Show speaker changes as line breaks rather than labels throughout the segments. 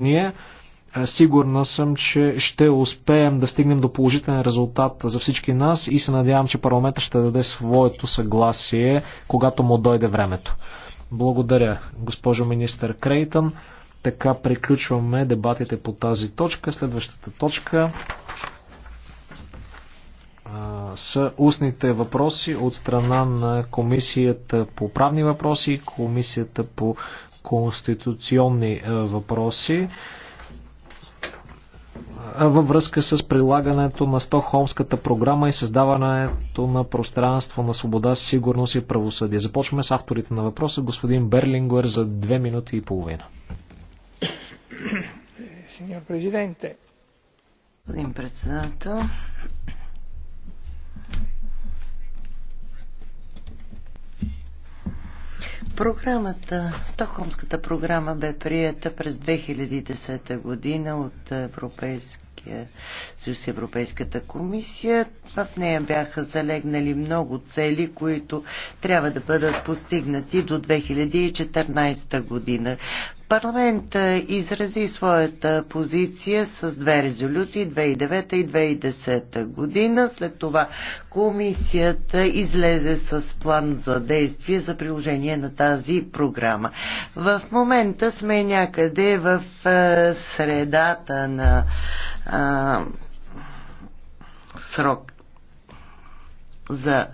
ние. Сигурна съм, че ще успеем да стигнем до положителен резултат за всички нас и се надявам, че парламента ще даде своето съгласие, когато му дойде времето. Благодаря, госпожо министър Крейтън. Така приключваме дебатите по тази точка. Следващата точка са устните въпроси от страна на Комисията по правни въпроси и Комисията по конституционни е, въпроси е, във връзка с прилагането на Стокхолмската програма и създаването на пространство на свобода, сигурност и правосъдие. Започваме с авторите на въпроса, господин Берлингуер, за две минути и половина.
Господин председател, Програмата, Стокхолмската програма бе приета през 2010 година от Европейски. Европейския съюз, Европейската комисия. В нея бяха залегнали много цели, които трябва да бъдат постигнати до 2014 година. Парламент изрази своята позиция с две резолюции 2009 и 2010 година. След това комисията излезе с план за действие за приложение на тази програма. В момента сме някъде в средата на а, срок за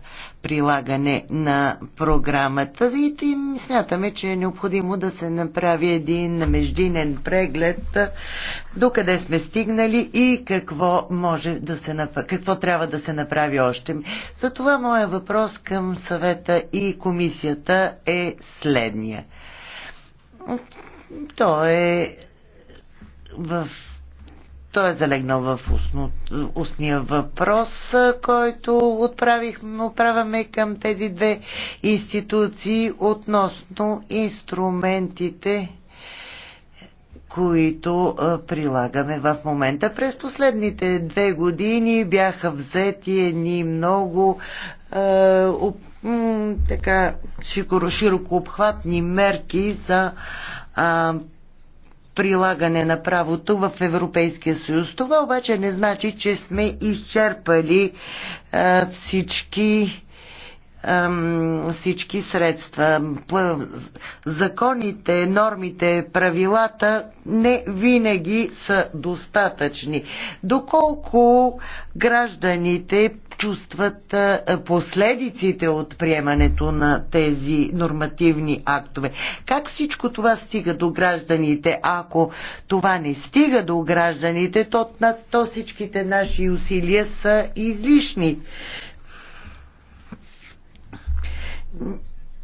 прилагане на програмата и смятаме, че е необходимо да се направи един междинен преглед до къде сме стигнали и какво, може да се, какво трябва да се направи още. Затова моя въпрос към съвета и комисията е следния. То е в той е залегнал в устно, устния въпрос, който отправяме към тези две институции относно инструментите, които прилагаме в момента. През последните две години бяха взети едни много е, така широко, обхватни мерки за прилагане на правото в Европейския съюз. Това обаче не значи, че сме изчерпали а, всички всички средства. Законите, нормите, правилата не винаги са достатъчни. Доколко гражданите чувстват последиците от приемането на тези нормативни актове. Как всичко това стига до гражданите? Ако това не стига до гражданите, то, то всичките наши усилия са излишни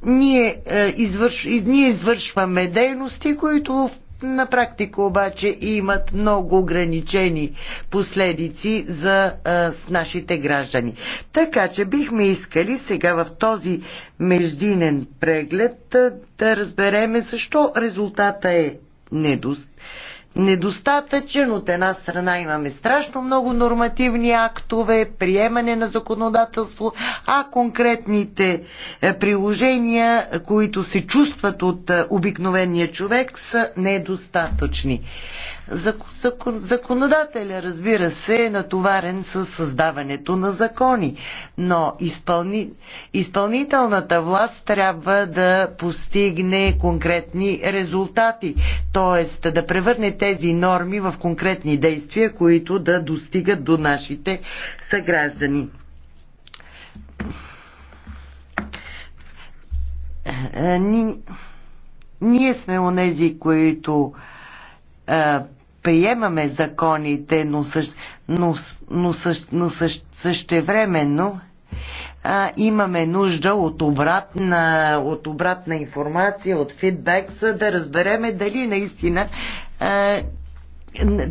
ние, е, извърш, ние извършваме дейности, които на практика обаче имат много ограничени последици за а, е, с нашите граждани. Така че бихме искали сега в този междинен преглед да, е, да разбереме защо резултата е недостатъчен недостатъчен. От една страна имаме страшно много нормативни актове, приемане на законодателство, а конкретните е, приложения, които се чувстват от е, обикновения човек, са недостатъчни законодателя, разбира се, е натоварен с създаването на закони, но изпълни, изпълнителната власт трябва да постигне конкретни резултати, т.е. да превърне тези норми в конкретни действия, които да достигат до нашите съграждани. Ние сме онези, които приемаме законите, но, същ, но, но, същ, но същ, същевременно а, имаме нужда от обратна, от обратна информация, от фидбек, за да разбереме дали наистина а,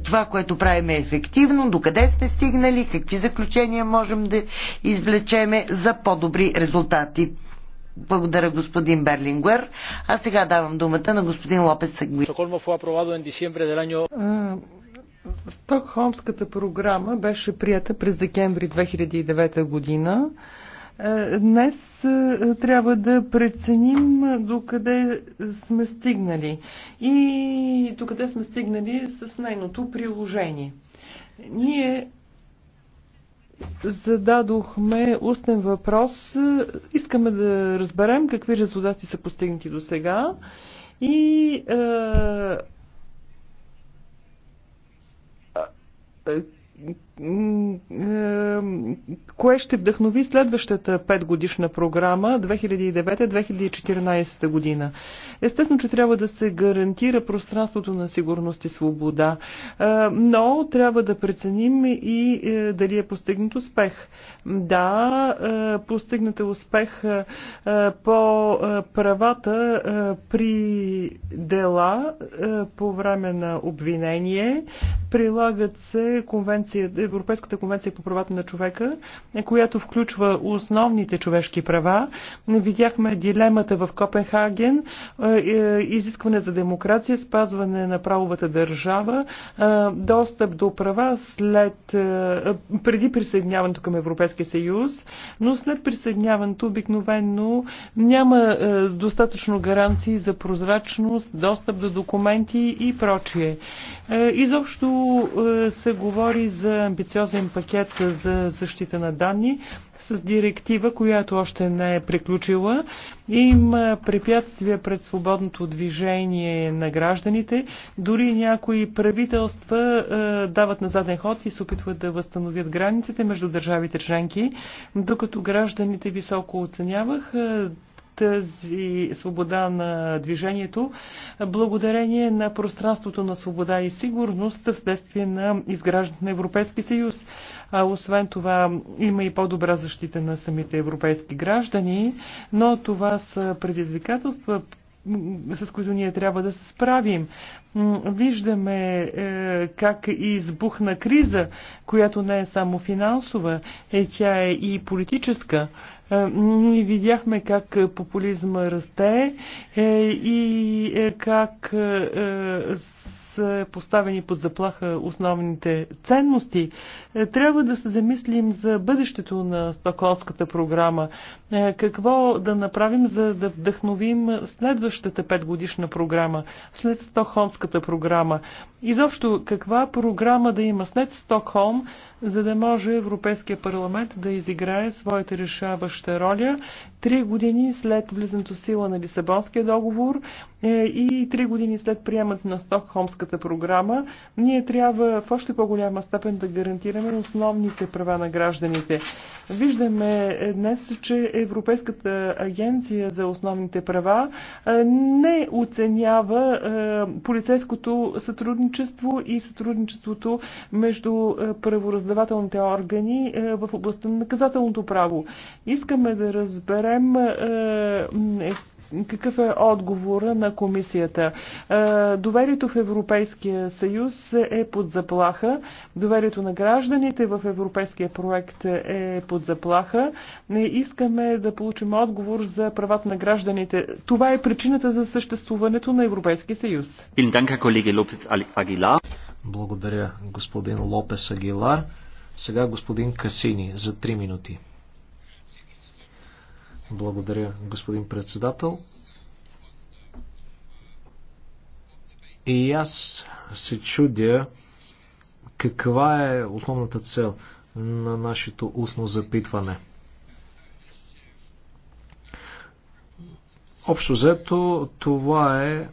това, което правим е ефективно, докъде сме стигнали, какви заключения можем да извлечеме за по-добри резултати. Благодаря, господин Берлингуер. А сега давам думата на господин Лопес Сегви.
Стокхолмската програма беше прията през декември 2009 година. Днес трябва да преценим докъде сме стигнали и докъде сме стигнали с нейното приложение. Ние зададохме устен въпрос. Искаме да разберем какви резултати са постигнати до сега и е, е, кое ще вдъхнови следващата петгодишна програма 2009-2014 година. Естествено, че трябва да се гарантира пространството на сигурност и свобода, е, но трябва да преценим и е, дали е постигнат успех. Да, постигнат е успех по правата при дела по време на обвинение. Прилагат се конвенцията Европейската конвенция по правата на човека, която включва основните човешки права. Видяхме дилемата в Копенхаген, е, е, изискване за демокрация, спазване на правовата държава, е, достъп до права след, преди присъединяването към Европейския съюз, но след присъединяването обикновено няма достатъчно гаранции за прозрачност, достъп до документи и прочие. Изобщо се говори за амбициозен пакет за защита на данни с директива, която още не е приключила. Има препятствия пред свободното движение на гражданите. Дори някои правителства е, дават на заден ход и се опитват да възстановят границите между държавите членки, докато гражданите високо оценявах е, тази свобода на движението, благодарение на пространството на свобода и сигурност вследствие на изграждането на Европейски съюз. А освен това има и по-добра защита на самите европейски граждани, но това са предизвикателства, с които ние трябва да се справим. Виждаме е, как избухна криза, която не е само финансова, е, тя е и политическа. Ние видяхме как е, популизма расте е, и е, как са поставени под заплаха основните ценности. Трябва да се замислим за бъдещето на Стоколската програма. Какво да направим, за да вдъхновим следващата петгодишна програма, след Стокхолмската програма? Изобщо, каква програма да има след Стокхолм, за да може Европейския парламент да изиграе своята решаваща роля три години след влизането в сила на Лисабонския договор е, и три години след приемането на Стокхолмската програма, ние трябва в още по-голяма степен да гарантираме основните права на гражданите. Виждаме днес, че Европейската агенция за основните права не оценява полицейското сътрудничество и сътрудничеството между правораздавателните органи в областта на наказателното право. Искаме да разберем какъв е отговора на комисията? Е, доверието в Европейския съюз е под заплаха. Доверието на гражданите в европейския проект е под заплаха. Не искаме да получим отговор за правата на гражданите. Това е причината за съществуването на Европейския съюз.
Благодаря, господин Лопес Агилар. Сега господин Касини за 3 минути. Благодаря, господин председател. И аз се чудя каква е основната цел на нашето устно запитване. Общо взето, това е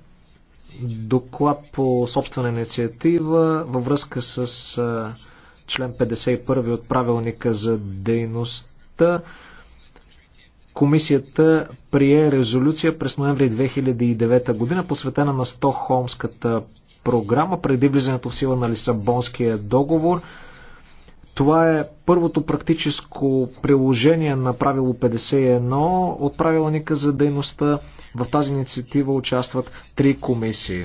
доклад по собствена инициатива във връзка с член 51 от правилника за дейността. Комисията прие резолюция през ноември 2009 година, посветена на Стохолмската програма преди влизането в сила на Лисабонския договор. Това е първото практическо приложение на правило 51 от правилника за дейността. В тази инициатива участват три комисии.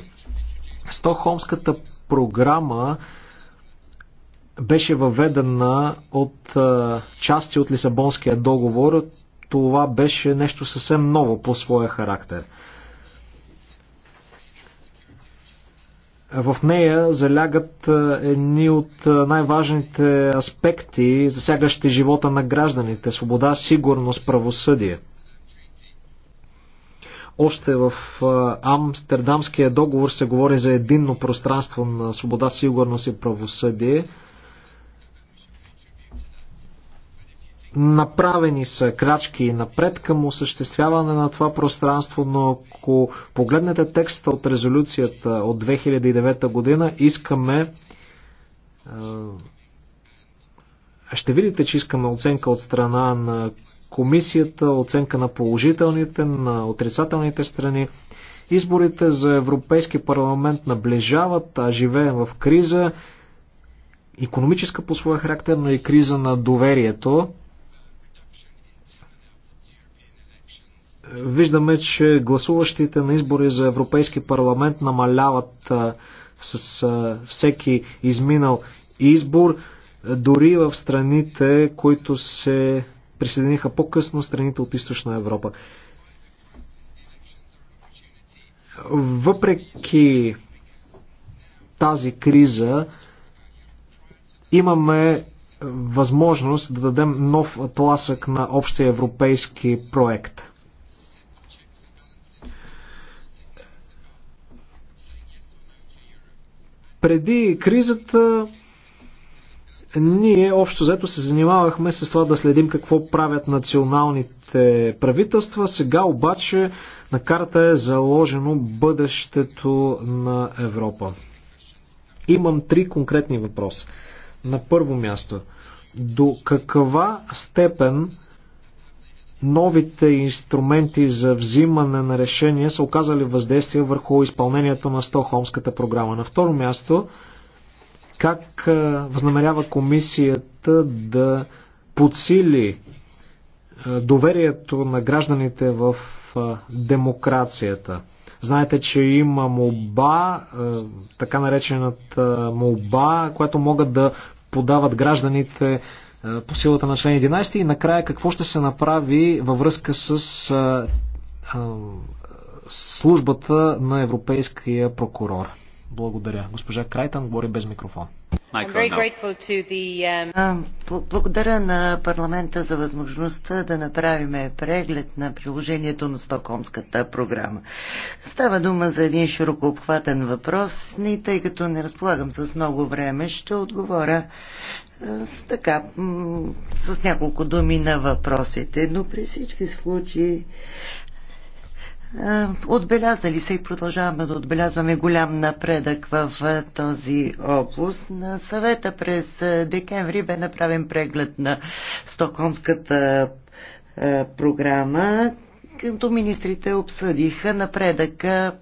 Стохолмската програма беше въведена от части от Лисабонския договор това беше нещо съвсем ново по своя характер. В нея залягат е, едни от е, най-важните аспекти, засягащи живота на гражданите свобода, сигурност, правосъдие. Още в е, Амстердамския договор се говори за единно пространство на свобода, сигурност и правосъдие – Направени са крачки напред към осъществяване на това пространство, но ако погледнете текста от резолюцията от 2009 година, искаме. Ще видите, че искаме оценка от страна на комисията, оценка на положителните, на отрицателните страни. Изборите за Европейски парламент наближават, а живеем в криза, економическа по своя характер, но и криза на доверието. Виждаме, че гласуващите на избори за Европейски парламент намаляват с всеки изминал избор, дори в страните, които се присъединиха по-късно, страните от Източна Европа. Въпреки тази криза, имаме възможност да дадем нов тласък на общия европейски проект. Преди кризата ние общо взето се занимавахме с това да следим какво правят националните правителства. Сега обаче на карта е заложено бъдещето на Европа. Имам три конкретни въпроса. На първо място, до каква степен новите инструменти за взимане на решения са оказали въздействие върху изпълнението на Стохолмската програма. На второ място, как възнамерява комисията да подсили доверието на гражданите в демокрацията? Знаете, че има молба, така наречената молба, която могат да подават гражданите е, по силата на член 11 и накрая какво ще се направи във връзка с а, е, а, е, службата на европейския прокурор. Благодаря. Госпожа Крайтан говори без микрофон.
Um, благодаря на парламента за възможността да направим преглед на приложението на Стокомската програма. Става дума за един широко обхватен въпрос и тъй като не разполагам с много време, ще отговоря с, така, с няколко думи на въпросите. Но при всички случаи е, отбелязали се и продължаваме да отбелязваме голям напредък в е, този област. На съвета през е, декември бе направен преглед на Стокхолмската програма, като министрите обсъдиха напредъка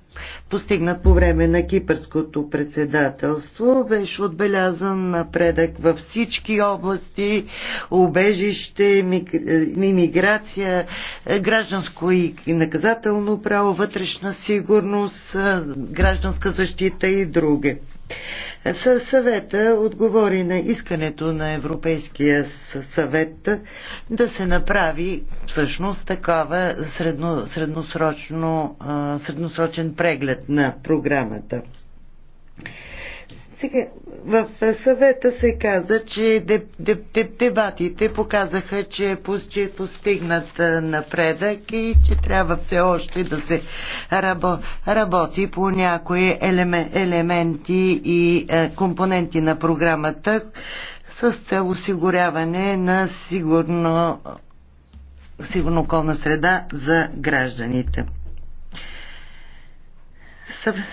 постигнат по време на кипърското председателство. Беше отбелязан напредък във всички области, убежище, иммиграция, гражданско и наказателно право, вътрешна сигурност, гражданска защита и други. Съвета отговори на искането на Европейския съвет да се направи всъщност такава средно, средносрочно, средносрочен преглед на програмата. Сега, в съвета се каза, че дебатите показаха, че е постигнат напредък и че трябва все още да се работи по някои елементи и компоненти на програмата с цел осигуряване на сигурно, сигурно околна среда за гражданите.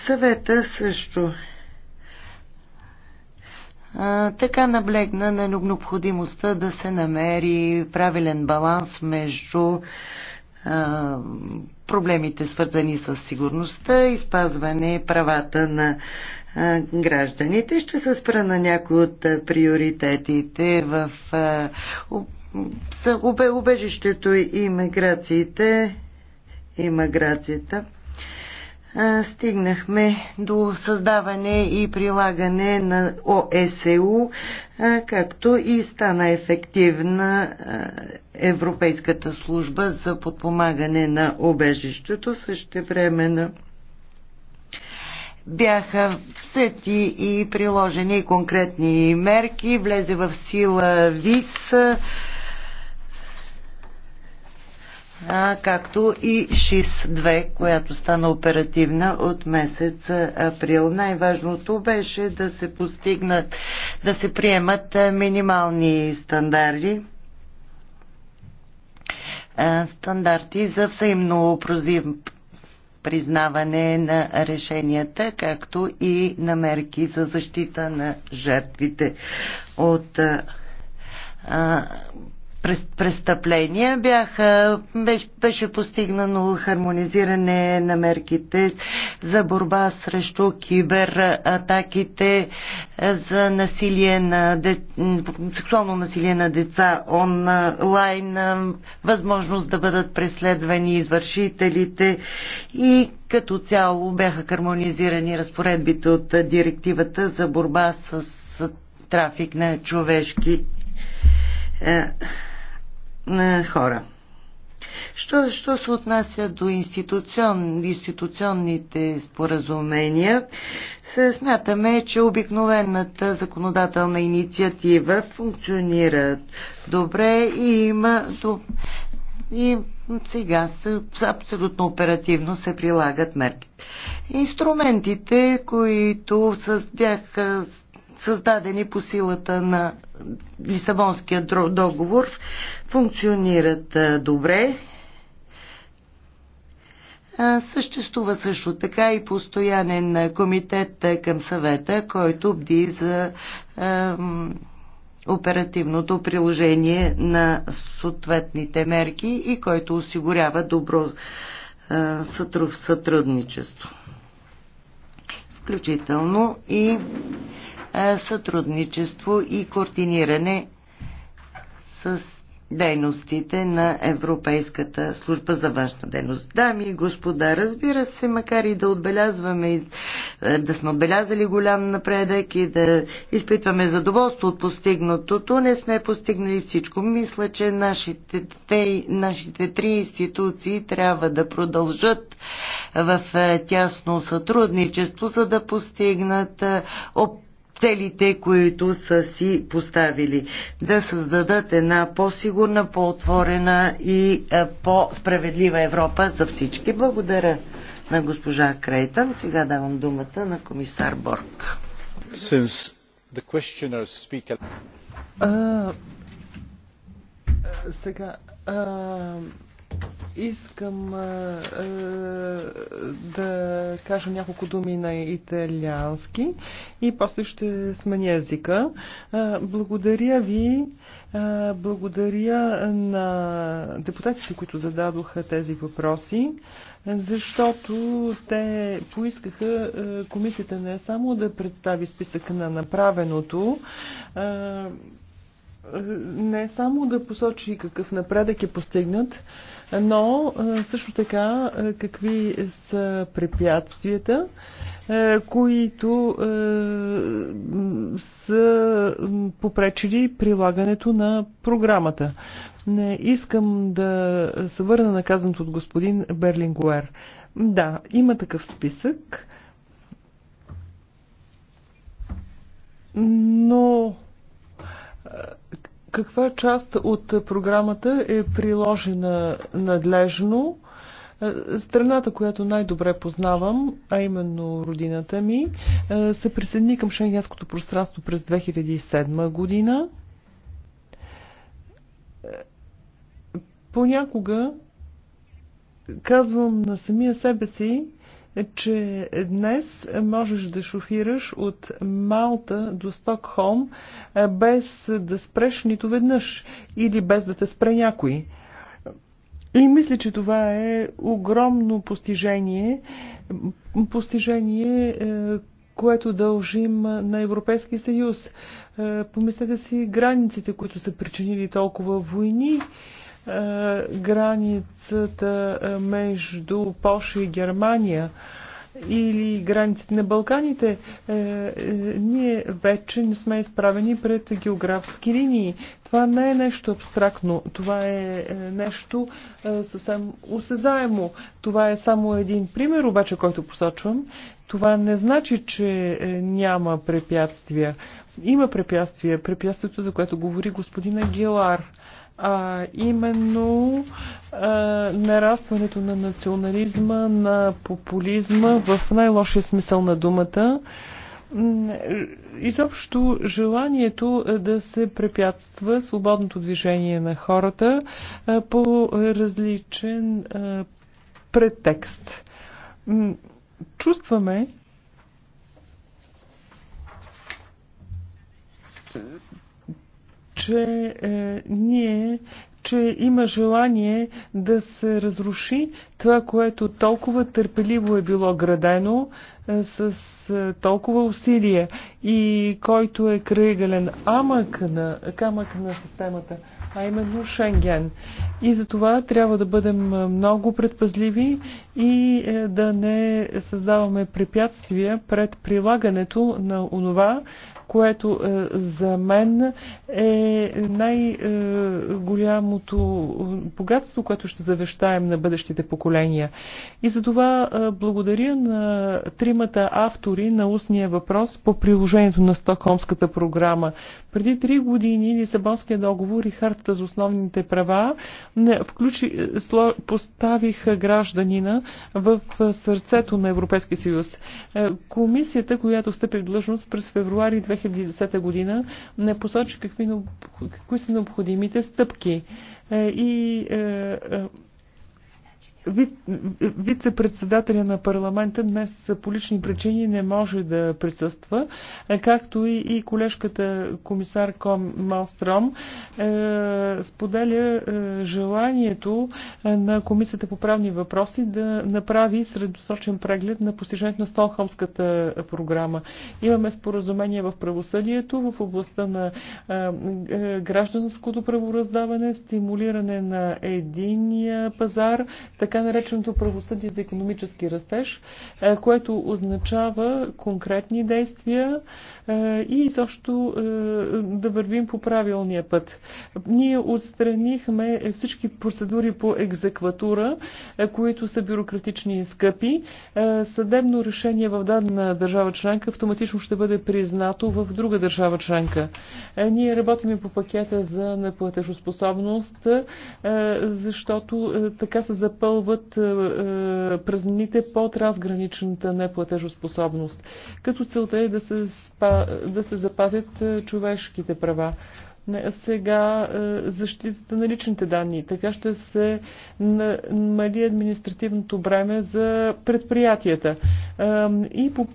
Съвета също така наблегна на необходимостта да се намери правилен баланс между проблемите свързани с сигурността и спазване правата на гражданите. Ще се спра на някои от приоритетите в убежището и миграциите и миграцията стигнахме до създаване и прилагане на ОСУ, както и стана ефективна Европейската служба за подпомагане на обежището. Също време на бяха взети и приложени конкретни мерки. Влезе в сила ВИС, както и ШИС-2, която стана оперативна от месец април. Най-важното беше да се постигнат, да се приемат минимални стандарти стандарти за взаимно признаване на решенията, както и на мерки за защита на жертвите от престъпления бяха, беше, беше постигнано хармонизиране на мерките за борба срещу кибератаките, е, за насилие на де, сексуално насилие на деца онлайн, е, възможност да бъдат преследвани извършителите и като цяло бяха хармонизирани разпоредбите от директивата за борба с трафик на човешки е, хора. Що, що се отнася до институцион, институционните споразумения, се смятаме, че обикновената законодателна инициатива функционира добре и има и сега са, абсолютно оперативно се прилагат мерки. Инструментите, които с, бяха създадени по силата на Лисабонския договор, функционират добре. Съществува също така и постоянен комитет към съвета, който бди за оперативното приложение на съответните мерки и който осигурява добро сътрудничество. Включително и е, сътрудничество и координиране с дейностите на Европейската служба за външна дейност. Дами и господа, разбира се, макар и да отбелязваме, е, да сме отбелязали голям напредък и да изпитваме задоволство от постигнатото, не сме постигнали всичко. Мисля, че нашите, те, нашите три институции трябва да продължат в е, тясно сътрудничество, за да постигнат оп целите, които са си поставили. Да създадат една по-сигурна, по-отворена и е, по-справедлива Европа за всички. Благодаря на госпожа Крейтън. Сега давам думата на комисар Борг.
сега, Искам а, а, да кажа няколко думи на италиански и после ще сменя езика. А, благодаря ви. А, благодаря на депутатите, които зададоха тези въпроси, защото те поискаха а, комисията не само да представи списък на направеното, а, не само да посочи какъв напредък е постигнат, но също така какви са препятствията, които са попречили прилагането на програмата. Не искам да се върна наказаното от господин Берлингуер. Да, има такъв списък, но каква част от програмата е приложена надлежно? Е, страната, която най-добре познавам, а именно родината ми, е, се присъедини към шенгенското пространство през 2007 година. Е, понякога казвам на самия себе си, че днес можеш да шофираш от Малта до Стокхолм без да спреш нито веднъж или без да те спре някой. И мисля, че това е огромно постижение, постижение, е, което дължим на Европейския съюз. Е, помислете си границите, които са причинили толкова войни. Е, границата е, между Польша и Германия или границите на Балканите, е, ние вече не сме изправени пред географски линии. Това не е нещо абстрактно, това е, нещо съвсем осезаемо. Това е само един пример, обаче, който посочвам. Това не значи, че няма препятствия. Има препятствия. Препятствието, за което говори господина Гелар а именно а, нарастването на национализма, на популизма в най-лошия смисъл на думата изобщо желанието да се препятства свободното движение на хората по различен претекст. Чувстваме, че е, ние че има желание да се разруши това, което толкова търпеливо е било градено е, с е, толкова усилие и който е крайгален амък на, камък на системата, а именно Шенген. И за това трябва да бъдем много предпазливи и е, да не създаваме препятствия пред прилагането на онова, което е, за мен е най-голямото е, богатство, което ще завещаем на бъдещите поколения. И за това е, благодаря на тримата автори на устния въпрос по приложението на Стокхолмската програма. Преди три години Лисабонския договор и Хартата за основните права включи, поставих гражданина в сърцето на Европейския съюз. Комисията, която стъпи в длъжност през февруари 2000 2010 година не посочи какви, какви са необходимите стъпки. Е, и е, е, вице-председателя на парламента днес по лични причини не може да присъства, е, както и колежката комисар Ком Малстром е, споделя е, желанието на Комисията по правни въпроси да направи средосочен преглед на постижението на Столхолмската програма. Имаме споразумение в правосъдието, в областта на гражданското правораздаване, стимулиране на единия пазар, така така нареченото правосъдие за економически растеж, е, което означава конкретни действия, и изобщо да вървим по правилния път. Ние отстранихме всички процедури по екзекватура, които са бюрократични и скъпи. Съдебно решение в дадена държава членка автоматично ще бъде признато в друга държава членка. Ние работим по пакета за неплатежоспособност, защото така се запълват празнините по трансграничната неплатежоспособност. Като целта е да се спа да се запазят е, човешките права. Сега е, защитата на личните данни. Така ще се намали административното бреме за предприятията. Е, и по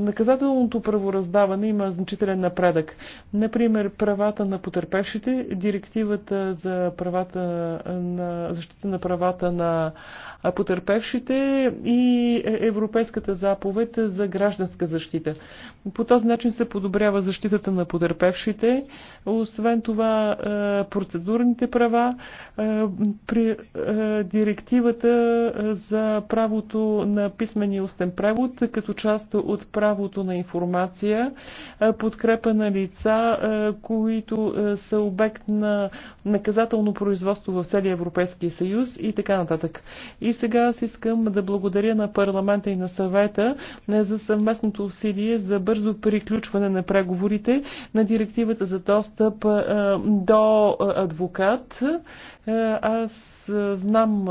наказателното правораздаване има значителен напредък. Например, правата на потерпевшите, директивата за правата на защита на правата на потерпевшите и Европейската заповед за гражданска защита. По този начин се подобрява защитата на потерпевшите, освен това процедурните права, при директивата за правото на писмен и устен превод като част от правото на информация, подкрепа на лица, които са обект на наказателно производство в целия Европейския съюз и така нататък. И и сега аз искам да благодаря на парламента и на съвета е, за съвместното усилие за бързо приключване на преговорите на директивата за достъп е, до е, адвокат. Аз аз знам,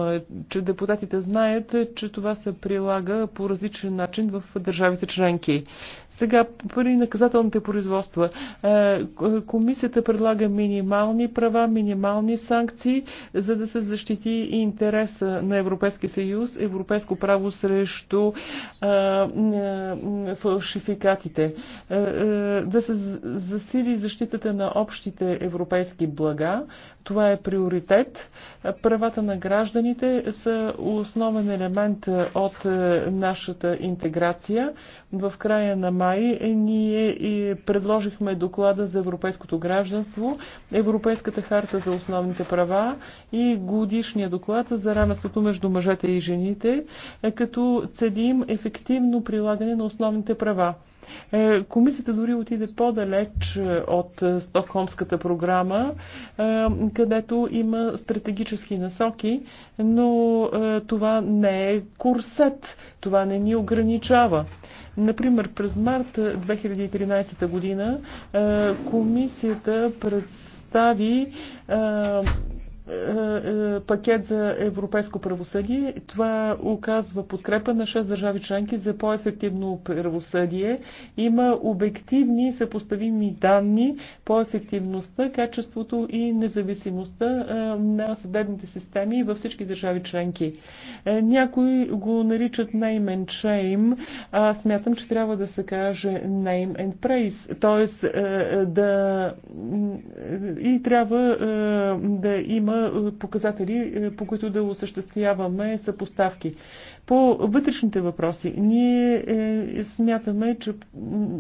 че депутатите знаят, че това се прилага по различен начин в държавите членки. Сега, при наказателните производства, е, комисията предлага минимални права, минимални санкции, за да се защити интереса на Европейския съюз, европейско право срещу фалшификатите, е, е, да се засили защитата на общите европейски блага. Това е приоритет. Правата правата на гражданите са основен елемент е, от е, нашата интеграция. В края на май е, ние предложихме доклада за европейското гражданство, Европейската харта за основните права и годишния доклад за равенството между мъжете и жените, като целим ефективно прилагане на основните права. Е, комисията дори отиде по-далеч е, от е, Стокхолмската програма, където има стратегически насоки, но това не е курсет, това не ни ограничава. Например, през март 2013 година комисията представи е, е, пакет за европейско правосъдие. Това оказва подкрепа на 6 държави членки за по-ефективно правосъдие. Има обективни съпоставими данни по ефективността, качеството и независимостта е, на съдебните системи във всички държави членки. Някои го наричат name and shame. а смятам, че трябва да се каже name and praise, т.е. да и трябва да има има е, показатели, е, по които да осъществяваме съпоставки. По вътрешните въпроси, ние е, смятаме, че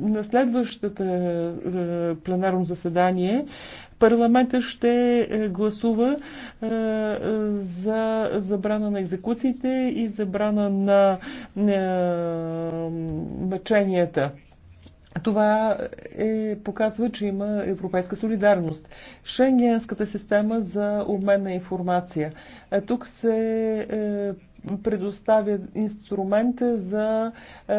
на следващата пленарно заседание парламента ще гласува за забрана на екзекуциите и забрана на мъченията. Това е, показва, че има европейска солидарност. Шенгенската система за обмен на информация. Е, тук се е, предоставя инструмент за е,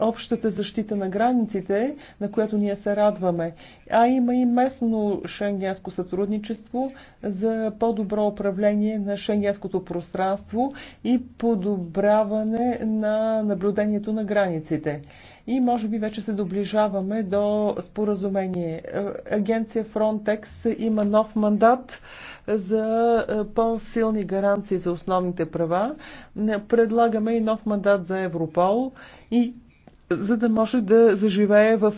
общата защита на границите, на която ние се радваме, а има и местно шенгенско сътрудничество за по-добро управление на шенгенското пространство и подобряване на наблюдението на границите и може би вече се доближаваме до споразумение. Агенция Frontex има нов мандат за по-силни гаранции за основните права. Предлагаме и нов мандат за Европол и за да може да заживее в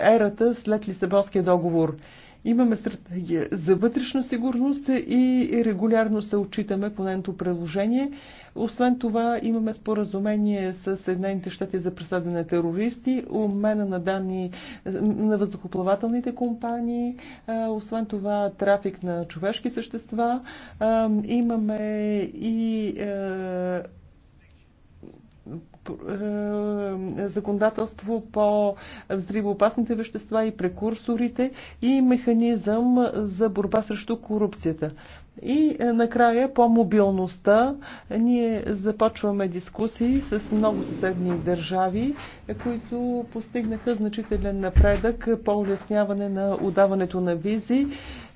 ерата след Лисабонския договор. Имаме стратегия за вътрешна сигурност и регулярно се отчитаме по нейното приложение. Освен това имаме споразумение с Съединените щати за преследване на терористи, обмена на данни на въздухоплавателните компании, освен това трафик на човешки същества. Имаме и е, законодателство по взривоопасните вещества и прекурсорите и механизъм за борба срещу корупцията. И е, накрая по мобилността ние започваме дискусии с много съседни държави, е, които постигнаха значителен напредък по улесняване на отдаването на визи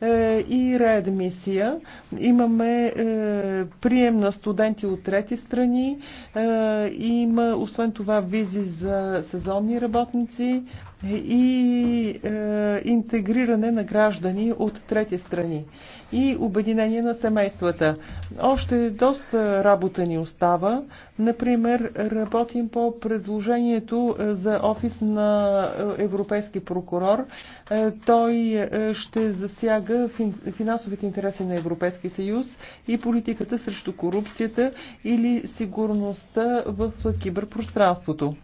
е, и реадмисия. Имаме прием на студенти от трети страни. Има освен това визи за сезонни работници, и е, интегриране на граждани от трети страни и обединение на семействата. Още доста работа ни остава. Например, работим по предложението е, за офис на е, европейски прокурор. Е, той ще засяга финансовите интереси на Европейския съюз и политиката срещу корупцията или сигурността в киберпространството.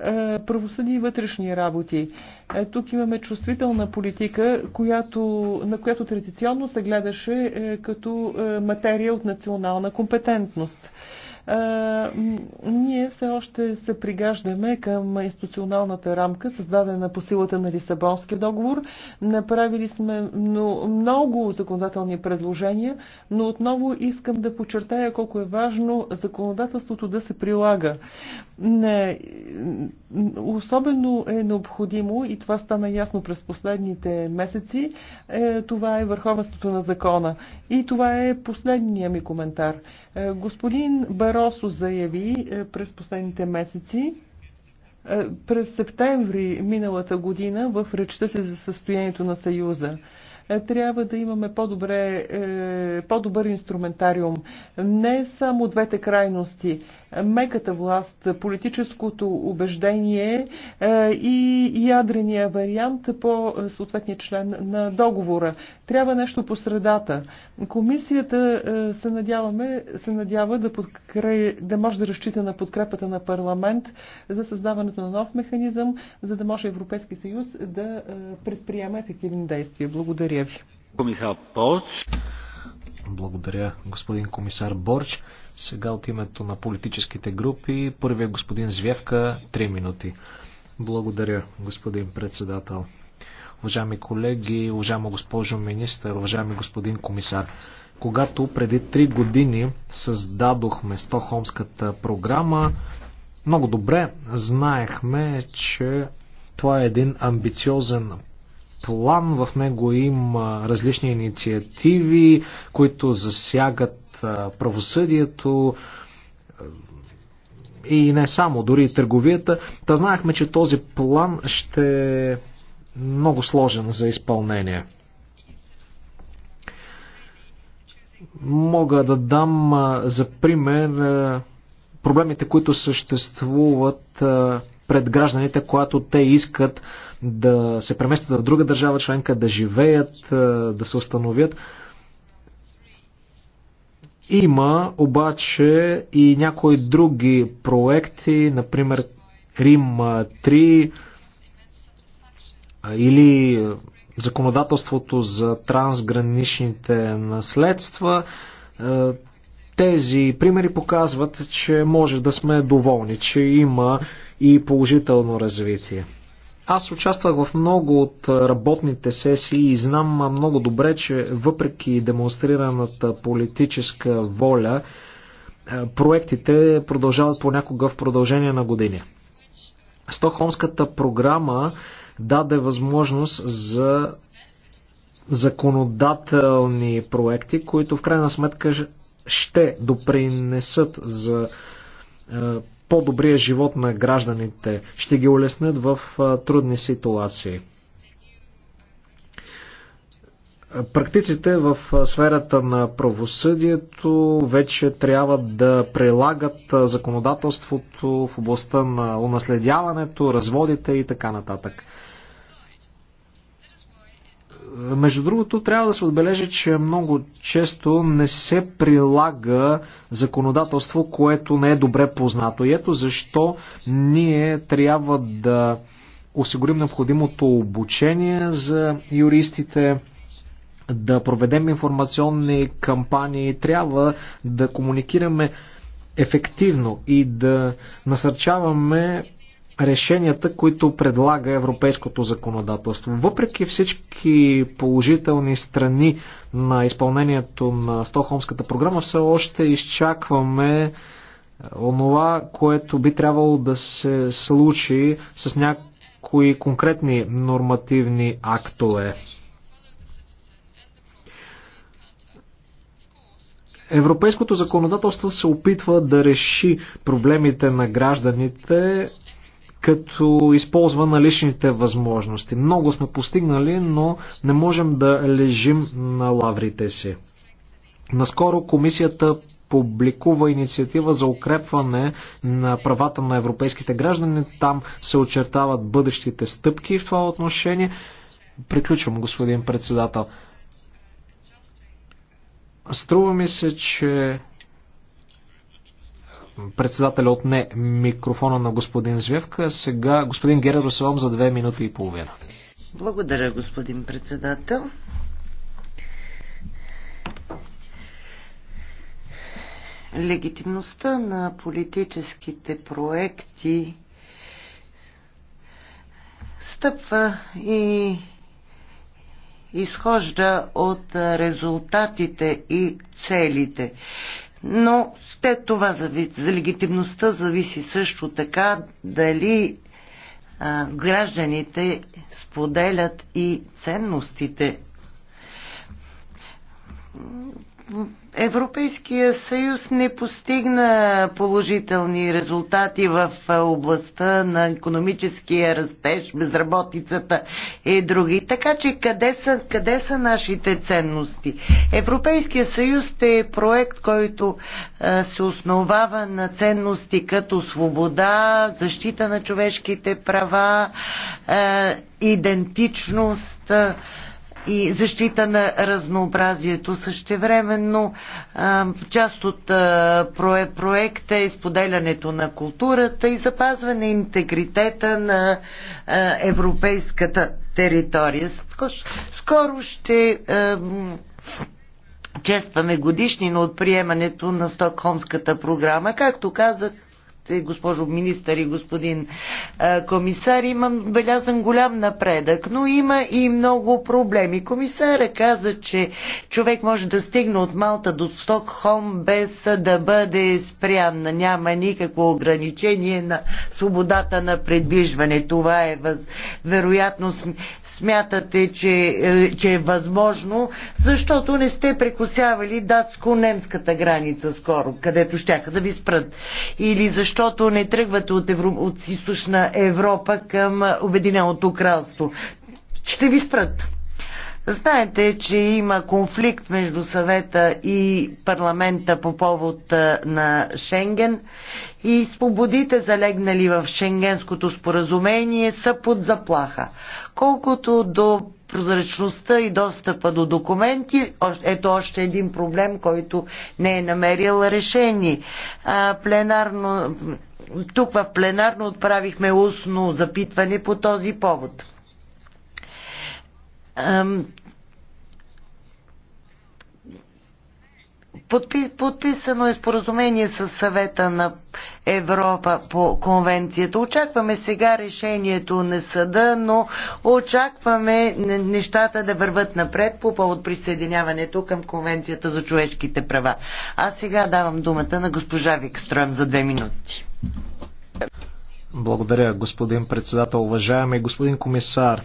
Е, правосъдие и вътрешни работи. Е, тук имаме чувствителна политика, която, на която традиционно се гледаше е, като материя от национална компетентност ние все още се пригаждаме към институционалната рамка, създадена по силата на Лисабонския договор. Направили сме много законодателни предложения, но отново искам да подчертая колко е важно законодателството да се прилага. Не, особено е необходимо, и това стана ясно през последните месеци, е, това е върховенството на закона. И това е последния ми коментар. Е, господин Барон Росо заяви е, през последните месеци. Е, през септември миналата година в речта си за състоянието на Съюза е, трябва да имаме по-добре, по-добър инструментариум. Не само двете крайности меката власт, политическото убеждение е, и ядрения вариант по съответния член на договора. Трябва нещо по средата. Комисията е, се, надяваме, се надява да, подкре, да може да разчита на подкрепата на парламент за създаването на нов механизъм, за да може Европейски съюз да е, предприема ефективни действия. Благодаря ви.
Комисар Борч. Благодаря, господин комисар Борч. Сега от името на политическите групи, първият господин Звявка, 3 минути. Благодаря, господин председател. Уважаеми колеги, уважаема госпожо министър, уважаеми господин комисар, когато преди 3 години създадохме Стохомската програма, много добре знаехме, че това е един амбициозен план, в него има различни инициативи, които засягат правосъдието и не само, дори и търговията. Та знаехме, че този план ще е много сложен за изпълнение. Мога да дам за пример проблемите, които съществуват пред гражданите, когато те искат да се преместят в друга държава членка, да живеят, да се установят. Има обаче и някои други проекти, например Рим 3 или законодателството за трансграничните наследства. Тези примери показват, че може да сме доволни, че има и положително развитие. Аз участвах в много от работните сесии и знам много добре, че въпреки демонстрираната политическа воля, проектите продължават понякога в продължение на години. Стокхолмската програма даде възможност за законодателни проекти, които в крайна сметка ще допринесат за по-добрия живот на гражданите, ще ги улеснят в трудни ситуации. Практиците в сферата на правосъдието вече трябва да прилагат законодателството в областта на унаследяването, разводите и така нататък. Между другото, трябва да се отбележи, че много често не се прилага законодателство, което не е добре познато. И ето защо ние трябва да осигурим необходимото обучение за юристите, да проведем информационни кампании, трябва да комуникираме ефективно и да насърчаваме решенията, които предлага европейското законодателство. Въпреки всички положителни страни на изпълнението на Стохолмската програма, все още изчакваме е, онова, което би трябвало да се случи с някои конкретни нормативни актове. Европейското законодателство се опитва да реши проблемите на гражданите като използва наличните възможности. Много сме постигнали, но не можем да лежим на лаврите си. Наскоро комисията публикува инициатива за укрепване на правата на европейските граждани. Там се очертават бъдещите стъпки в това отношение. Приключвам, господин председател. Струва ми се, че председателя отне микрофона на господин Звевка. Сега господин Гера Салам за две минути и половина.
Благодаря, господин председател. Легитимността на политическите проекти стъпва и изхожда от резултатите и целите но след това за легитимността зависи също така дали а, гражданите споделят и ценностите. Европейския съюз не постигна положителни резултати в областта на економическия растеж, безработицата и други. Така че къде са, къде са нашите ценности? Европейския съюз е проект, който се основава на ценности като свобода, защита на човешките права, идентичност, и защита на разнообразието. Същевременно част от проекта е споделянето на културата и запазване интегритета на европейската територия. Скоро ще честваме годишнина от приемането на Стокхолмската програма. Както казах, е, госпожо министър и господин е, комисар, имам белязан голям напредък, но има и много проблеми. Комисара каза, че човек може да стигне от Малта до Стокхолм без да бъде спрян. Няма никакво ограничение на свободата на предвижване. Това е въз... вероятно смятате, че, е, че е възможно, защото не сте прекусявали датско-немската граница скоро, където щяха да ви спрат. Или защо защото не тръгвате от, Евро... от източна Европа към Обединеното кралство. Ще ви спрат. Знаете, че има конфликт между съвета и парламента по повод на Шенген и свободите залегнали в Шенгенското споразумение са под заплаха. Колкото до прозрачността и достъпа до документи, ето още един проблем, който не е намерил решение. А, пленарно, тук в пленарно отправихме устно запитване по този повод подпис, подписано е споразумение с съвета на Европа по конвенцията. Очакваме сега решението на съда, но очакваме нещата да върват напред по повод присъединяването към конвенцията за човешките права. А сега давам думата на госпожа Викстроем за две минути.
Благодаря, господин председател. Уважаеми господин комисар,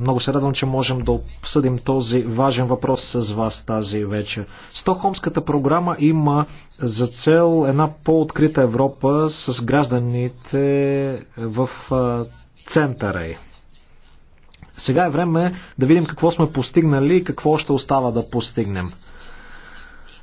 много се радвам, че можем да обсъдим този важен въпрос с вас тази вечер. Стокхолмската програма има за цел една по-открита Европа с гражданите в центъра й. Сега е време да видим какво сме постигнали и какво ще остава да постигнем.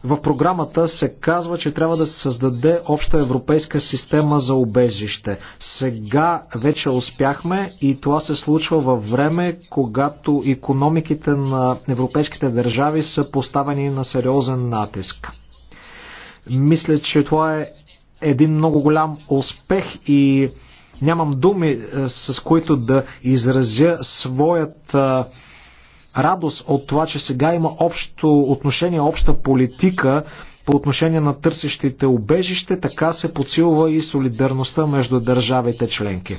В програмата се казва, че трябва да се създаде обща европейска система за обежище. Сега вече успяхме и това се случва във време, когато економиките на европейските държави са поставени на сериозен натиск. Мисля, че това е един много голям успех и нямам думи, е, с които да изразя своята радост от това, че сега има общо отношение, обща политика по отношение на търсещите убежище, така се подсилва и солидарността между държавите членки.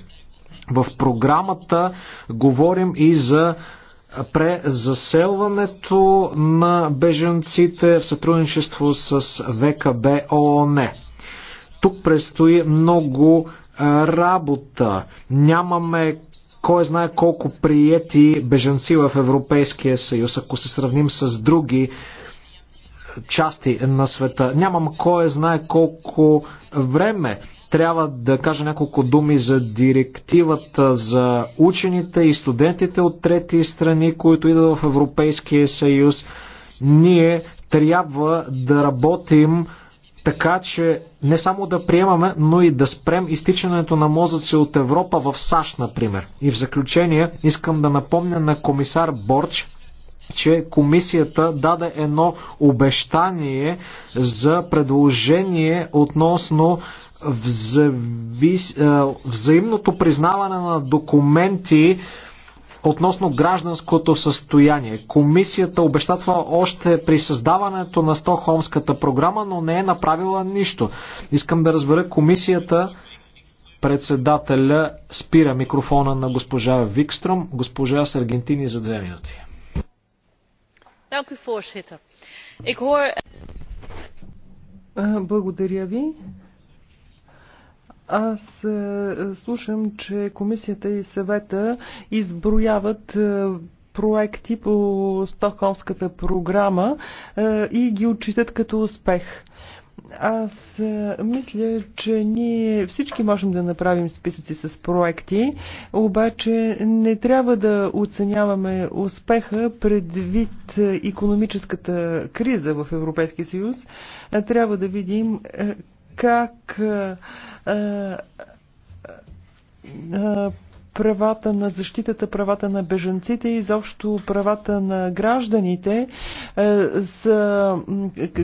В програмата говорим и за презаселването на беженците в сътрудничество с ВКБ ООН. Тук предстои много работа. Нямаме кой знае колко приети бежанци в Европейския съюз, ако се сравним с други части на света. Нямам кой знае колко време трябва да кажа няколко думи за директивата за учените и студентите от трети страни, които идват в Европейския съюз. Ние трябва да работим така че не само да приемаме, но и да спрем изтичането на мозъци от Европа в САЩ, например. И в заключение искам да напомня на комисар Борч, че комисията даде едно обещание за предложение относно е, взаимното признаване на документи, относно гражданското състояние. Комисията обещатва още при създаването на Стохолмската програма, но не е направила нищо. Искам да разбера комисията председателя спира микрофона на госпожа Викстром, госпожа с Аргентини за две минути.
Благодаря ви. Аз е, слушам, че комисията и съвета изброяват е, проекти по Стокхолмската програма е, и ги отчитат като успех. Аз мисля, че ние всички можем да направим списъци с проекти, обаче не трябва да оценяваме успеха предвид економическата криза в Европейския съюз. Трябва да видим как правата на защитата, правата на беженците, и изобщо правата на гражданите са,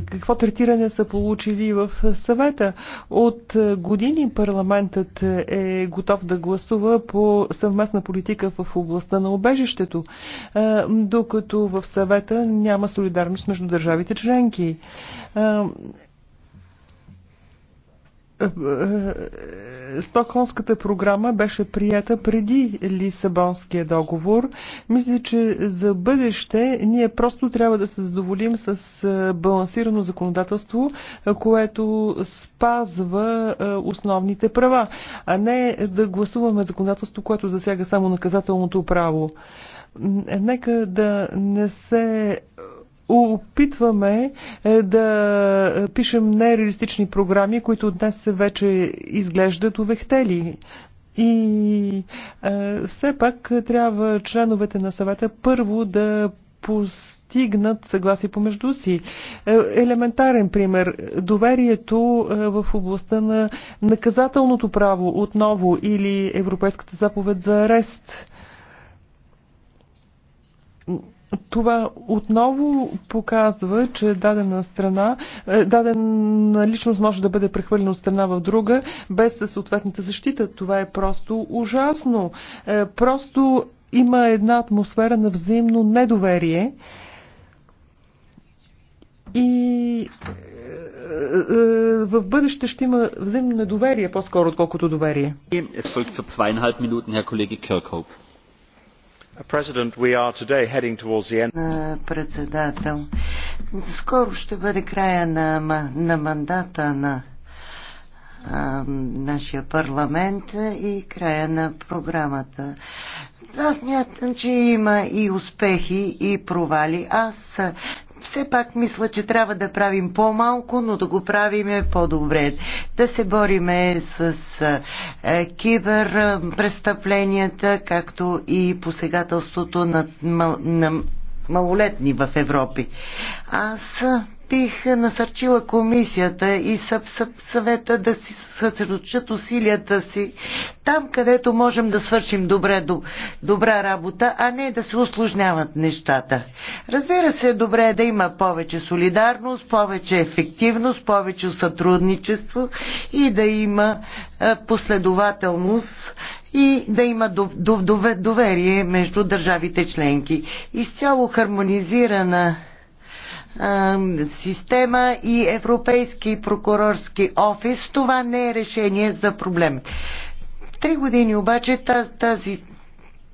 какво третиране са получили в съвета. От години парламентът е готов да гласува по съвместна политика в областта на обежището, докато в съвета няма солидарност между държавите членки. Стокхолмската програма беше прията преди Лисабонския договор. Мисля, че за бъдеще ние просто трябва да се задоволим с балансирано законодателство, което спазва основните права, а не да гласуваме законодателство, което засяга само наказателното право. Нека да не се опитваме е, да пишем нереалистични програми, които днес се вече изглеждат увехтели. И е, все пак трябва членовете на съвета първо да постигнат съгласие помежду си. Е, елементарен пример доверието е, в областта на наказателното право отново или Европейската заповед за арест това отново показва, че дадена страна, дадена личност може да бъде прехвърлена от страна в друга без съответната защита. Това е просто ужасно. Просто има една атмосфера на взаимно недоверие. И в бъдеще ще има взаимно недоверие, по-скоро отколкото доверие. Es е für zweieinhalb
Minuten е,
председател, скоро ще бъде края на, на мандата на а, нашия парламент и края на програмата. Аз мятам, че има и успехи, и провали. Аз все пак мисля, че трябва да правим по-малко, но да го правим по-добре. Да се бориме с е, киберпрестъпленията, както и посегателството на, на малолетни в Европи. Аз бих насърчила комисията и съв, съв, съвета да си съсредоточат усилията си там, където можем да свършим добре, до, добра работа, а не да се осложняват нещата. Разбира се, добре е да има повече солидарност, повече ефективност, повече сътрудничество и да има е, последователност и да има доверие между държавите членки. Изцяло хармонизирана система и Европейски прокурорски офис. Това не е решение за проблем. Три години обаче тази,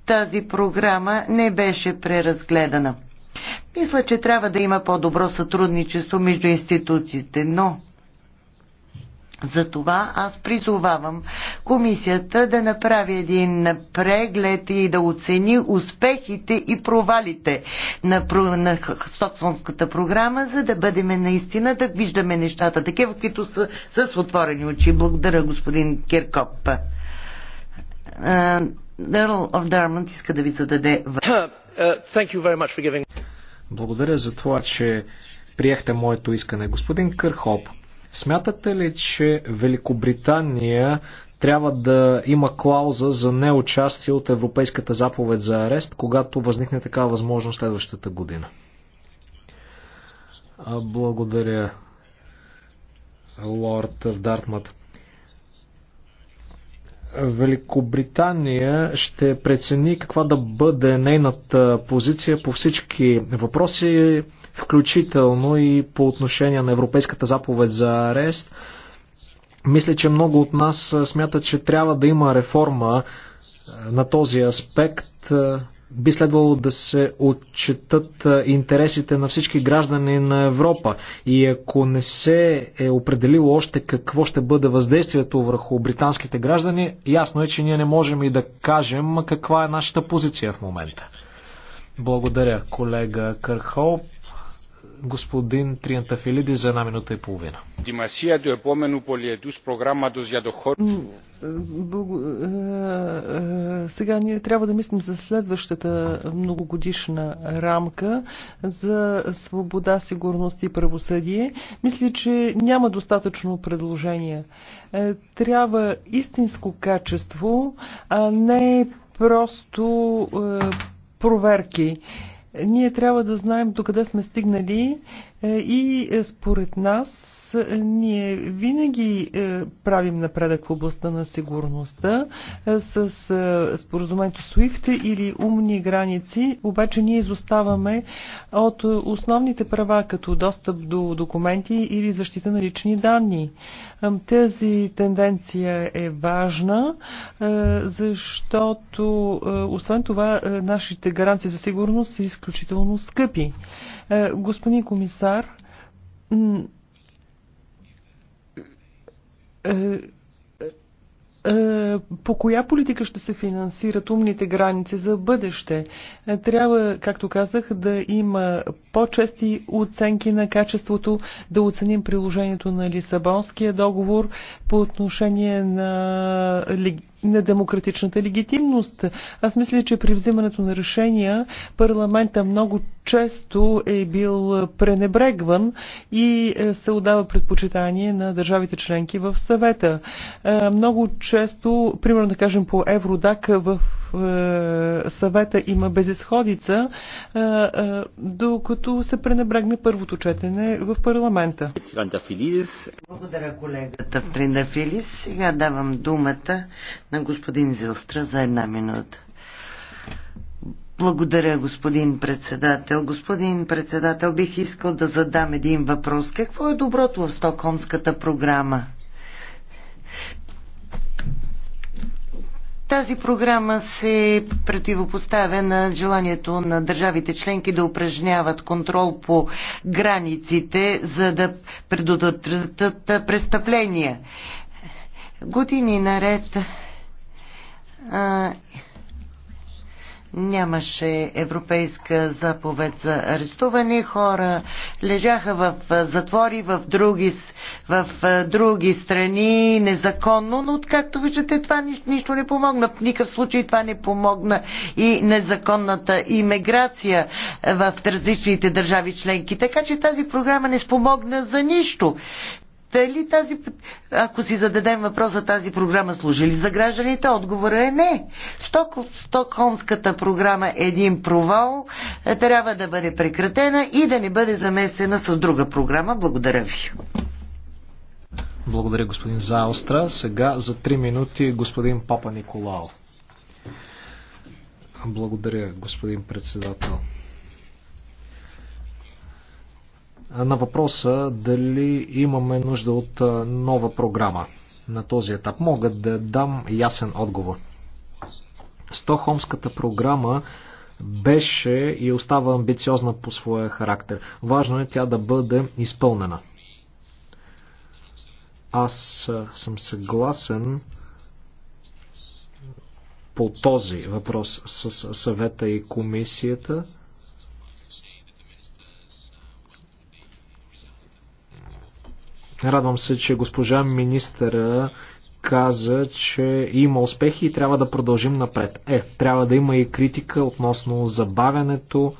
тази програма не беше преразгледана. Мисля, че трябва да има по-добро сътрудничество между институциите, но затова аз призовавам комисията да направи един преглед и да оцени успехите и провалите на, на Стоксонската програма, за да бъдем наистина да виждаме нещата такива, които са с отворени очи. Благодаря, господин Киркоп.
Дърл Ордармант иска да ви зададе Благодаря за това, че приехте моето искане. Господин Кърхоп, Смятате ли, че Великобритания трябва да има клауза за неучастие от Европейската заповед за арест, когато възникне такава възможност следващата година? Благодаря, лорд Дартмат. Великобритания ще прецени каква да бъде нейната позиция по всички въпроси, включително и по отношение на Европейската заповед за арест. Мисля, че много от нас смятат, че трябва да има реформа на този аспект. Би следвало да се отчетат интересите на всички граждани на Европа. И ако не се е определило още какво ще бъде въздействието върху британските граждани, ясно е, че ние не можем и да кажем каква е нашата позиция в момента. Благодаря, колега Кърхоп господин Триантафилиди за една минута и половина.
Димасия
е до епомену полиетус програматос για το
Сега ние трябва да мислим за следващата многогодишна рамка за свобода, сигурност и правосъдие. Мисля, че няма достатъчно предложения. Е, трябва истинско качество, а не просто е, проверки. Ние трябва да знаем докъде сме стигнали е, и е, според нас е, ние винаги е, правим напредък в областта на сигурността е, с споразумението SWIFT или умни граници, обаче ние изоставаме от основните права, като достъп до документи или защита на лични данни. Тази тенденция е важна, защото освен това нашите гаранции за сигурност са изключително скъпи. Господин комисар, е, е, по коя политика ще се финансират умните граници за бъдеще? Е, трябва, както казах, да има по-чести оценки на качеството, да оценим приложението на Лисабонския договор по отношение на на демократичната легитимност. Аз мисля, че при взимането на решения парламента много често е бил пренебрегван и е, се отдава предпочитание на държавите членки в съвета. Е, много често, примерно да кажем по Евродак в е, съвета има безисходица, е, е,
докато се пренебрегне първото четене в парламента. Благодаря колегата Филис. Сега давам думата на господин Зилстра за една минута. Благодаря, господин председател. Господин председател, бих искал да задам един въпрос. Какво е доброто в Стокхолмската програма? Тази програма се противопоставя на желанието на държавите членки да упражняват контрол по границите, за да предотвратят престъпления. Години наред а, нямаше европейска заповед за арестувани Хора лежаха в затвори в други, в други страни незаконно, но както виждате това нищо, нищо не помогна. В никакъв случай това не помогна и незаконната иммиграция в различните държави членки. Така че тази програма не спомогна за нищо дали тази, ако си зададем въпроса, тази програма служи ли за гражданите? Отговора е не. Сток, Стокхолмската програма е един провал, е, трябва да бъде прекратена и да не бъде заместена с друга програма. Благодаря ви.
Благодаря, господин Заостра. Сега за 3 минути господин Папа Николао. Благодаря, господин председател. на въпроса дали имаме нужда от нова програма на този етап. Мога да дам ясен отговор. Стохомската програма беше и остава амбициозна по своя характер. Важно е тя да бъде изпълнена. Аз съм съгласен по този въпрос с съвета и комисията. Радвам се, че госпожа министъра каза, че има успехи и трябва да продължим напред. Е, трябва да има и критика относно забавянето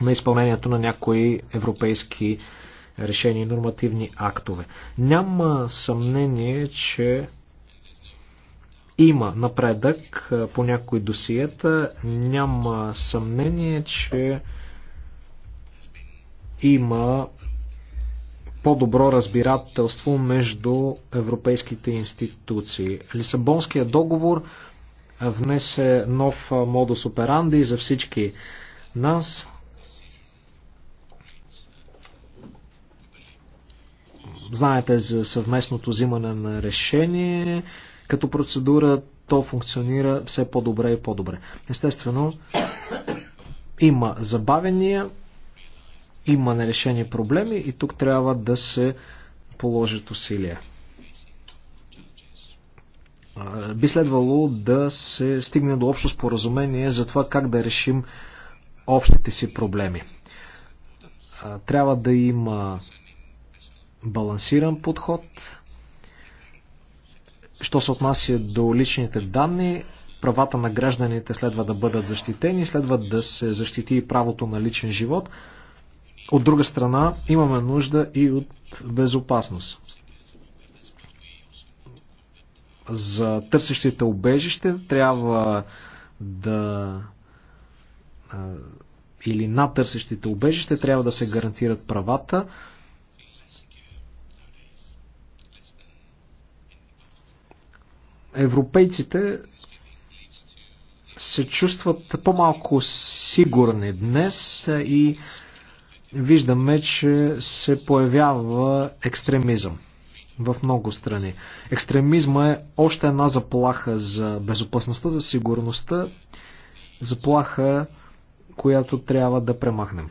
на изпълнението на някои европейски решения и нормативни актове. Няма съмнение, че има напредък по някои досиета. Няма съмнение, че има по-добро разбирателство между европейските институции. Лисабонският договор внесе нов модус операнди за всички нас. Знаете за съвместното взимане на решение като процедура, то функционира все по-добре и по-добре. Естествено, има забавения, има нерешени проблеми и тук трябва да се положат усилия. Би следвало да се стигне до общо споразумение за това как да решим общите си проблеми. Трябва да има балансиран подход. Що се отнася до личните данни, правата на гражданите следва да бъдат защитени, следва да се защити и правото на личен живот. От друга страна, имаме нужда и от безопасност. За търсещите обежище трябва да или на търсещите обежище трябва да се гарантират правата. Европейците се чувстват по-малко сигурни днес и виждаме, че се появява екстремизъм в много страни. Екстремизма е още една заплаха за безопасността, за сигурността, заплаха, която трябва да премахнем.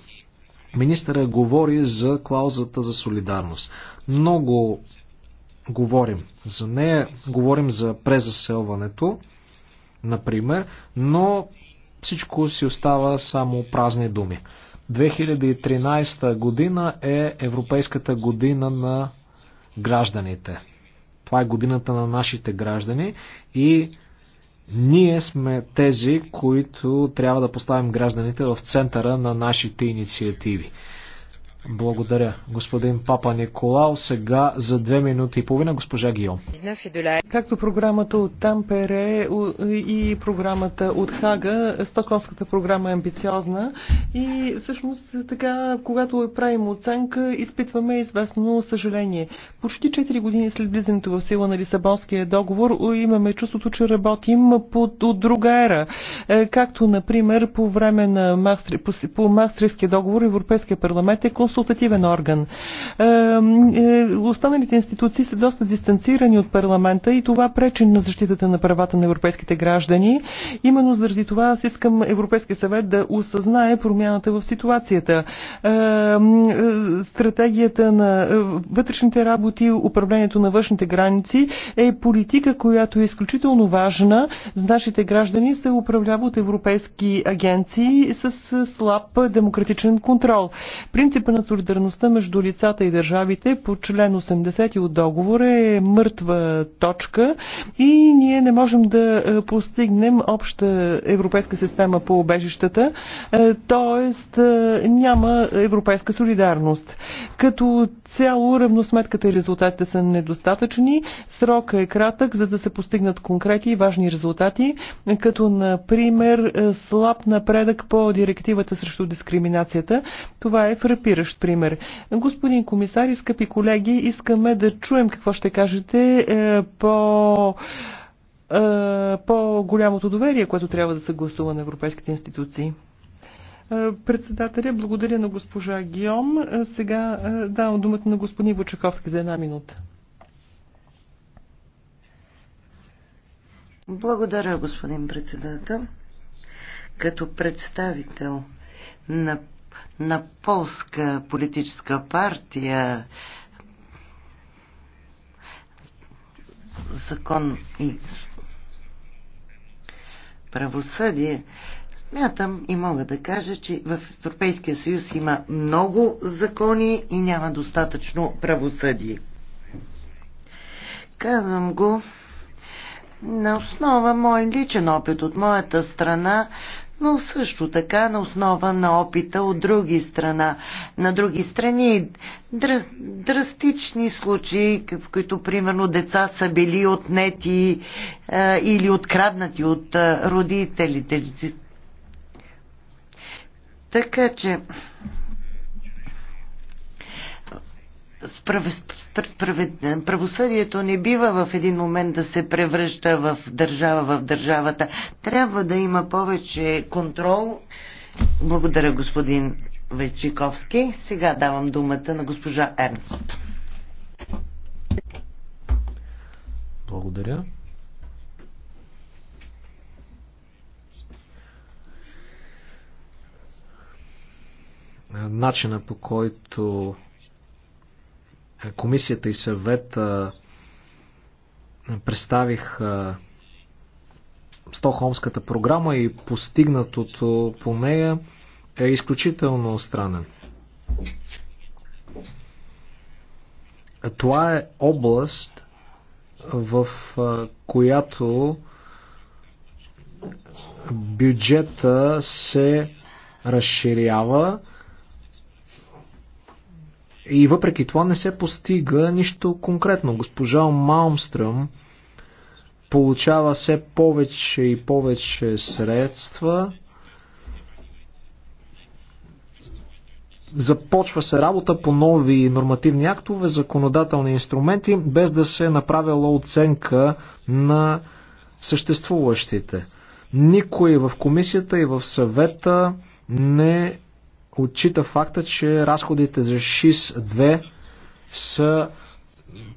Министъра говори за клаузата за солидарност. Много говорим за нея, говорим за презаселването, например, но всичко си остава само празни думи. 2013 година е Европейската година на гражданите. Това е годината на нашите граждани и ние сме тези, които трябва да поставим гражданите в центъра на нашите инициативи. Благодаря, господин Папа Николао. Сега за две минути и половина госпожа Гио.
Както програмата от Тампере и програмата от Хага, Стокхолмската програма е амбициозна и всъщност така, когато правим оценка, изпитваме известно съжаление. Почти 4 години след влизането в сила на Лисабонския договор имаме чувството, че работим под, от друга ера. Е, както, например, по време на Мастри, по, по Мастриския договор Европейския парламент е консултативен орган. Е, е, останалите институции са доста дистанцирани от парламента и това пречи на защитата на правата на европейските граждани. Именно заради това аз искам Европейския съвет да осъзнае промяната в ситуацията. Е, стратегията на вътрешните работи, управлението на външните граници е политика, която е изключително важна за нашите граждани, се управлява от европейски агенции с слаб демократичен контрол. Принципа на на солидарността между лицата и държавите по член 80 от договора е мъртва точка и ние не можем да е, постигнем обща европейска система по обежищата, т.е. Е, няма европейска солидарност. Като цяло равносметката и резултатите са недостатъчни. Срока е кратък, за да се постигнат конкретни и важни резултати, като например е, слаб напредък по директивата срещу дискриминацията. Това е фрапиращ пример. Господин комисар и скъпи колеги, искаме да чуем какво ще кажете е, по е, по-голямото доверие, което трябва да се гласува на европейските институции. Е, председателя, благодаря на госпожа Гиом. Е, сега е, давам думата на господин Вучаковски за една минута.
Благодаря, господин председател. Като представител на, на полска политическа партия, закон и правосъдие, Мятам и мога да кажа, че в Европейския съюз има много закони и няма достатъчно правосъдие. Казвам го на основа мой личен опит от моята страна, но също така на основа на опита от други страна, на други страни. Др... Драстични случаи, в които примерно деца са били отнети а, е, или откраднати от а, е, родителите така че правосъдието не бива в един момент да се превръща в държава в държавата. Трябва да има повече контрол. Благодаря, господин Вечиковски. Сега давам думата на госпожа Ернст.
Благодаря. начина по който комисията и съвета представих Стохолмската програма и постигнатото по нея е изключително странен. Това е област, в която бюджета се разширява и въпреки това не се постига нищо конкретно. Госпожа Малмстръм получава все повече и повече средства. Започва се работа по нови нормативни актове, законодателни инструменти, без да се е направила оценка на съществуващите. Никой в комисията и в съвета не отчита факта, че разходите за ШИС-2 са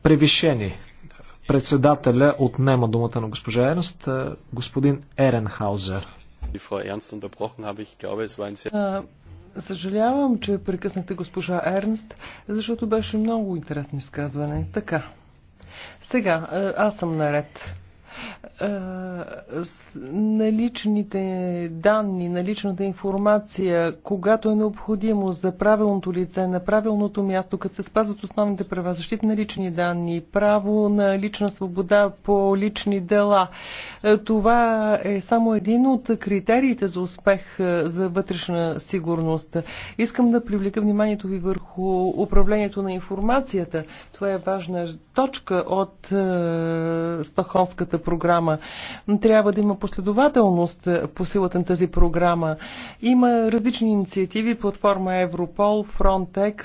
превишени. Председателя отнема думата на госпожа Ернст, е, господин Еренхаузер. Е,
съжалявам, че прекъснахте госпожа Ернст, защото беше много интересно изказване. Така. Сега, е, аз съм наред. Е, наличните данни, наличната информация, когато е необходимо за правилното лице, на правилното място, като се спазват основните права, защита на лични данни, право на лична свобода по лични дела. Е, това е само един от критериите за успех е, за вътрешна сигурност. Искам да привлека вниманието ви върху управлението на информацията. Това е важна точка от Стахонската програма. Трябва да има последователност по силата на тази програма. Има различни инициативи, платформа Европол, Frontex,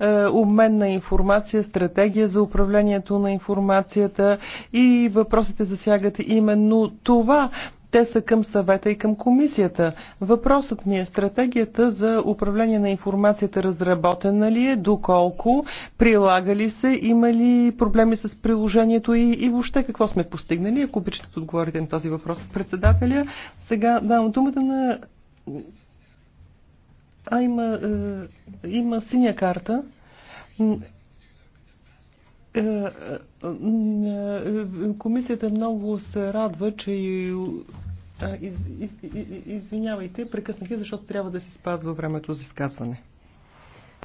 е, обмен на информация, стратегия за управлението на информацията и въпросите засягат именно това те са към съвета и към комисията. Въпросът ми е стратегията за управление на информацията разработена ли е, доколко, прилага ли се, има ли проблеми с приложението и, и въобще какво сме постигнали. Ако обичате да отговорите на този въпрос, председателя, сега давам думата на... А, има, е, има синя карта. Е, е, е, комисията много се радва, че и из, из, извинявайте, прекъснахи, защото трябва да си спазва времето за изказване.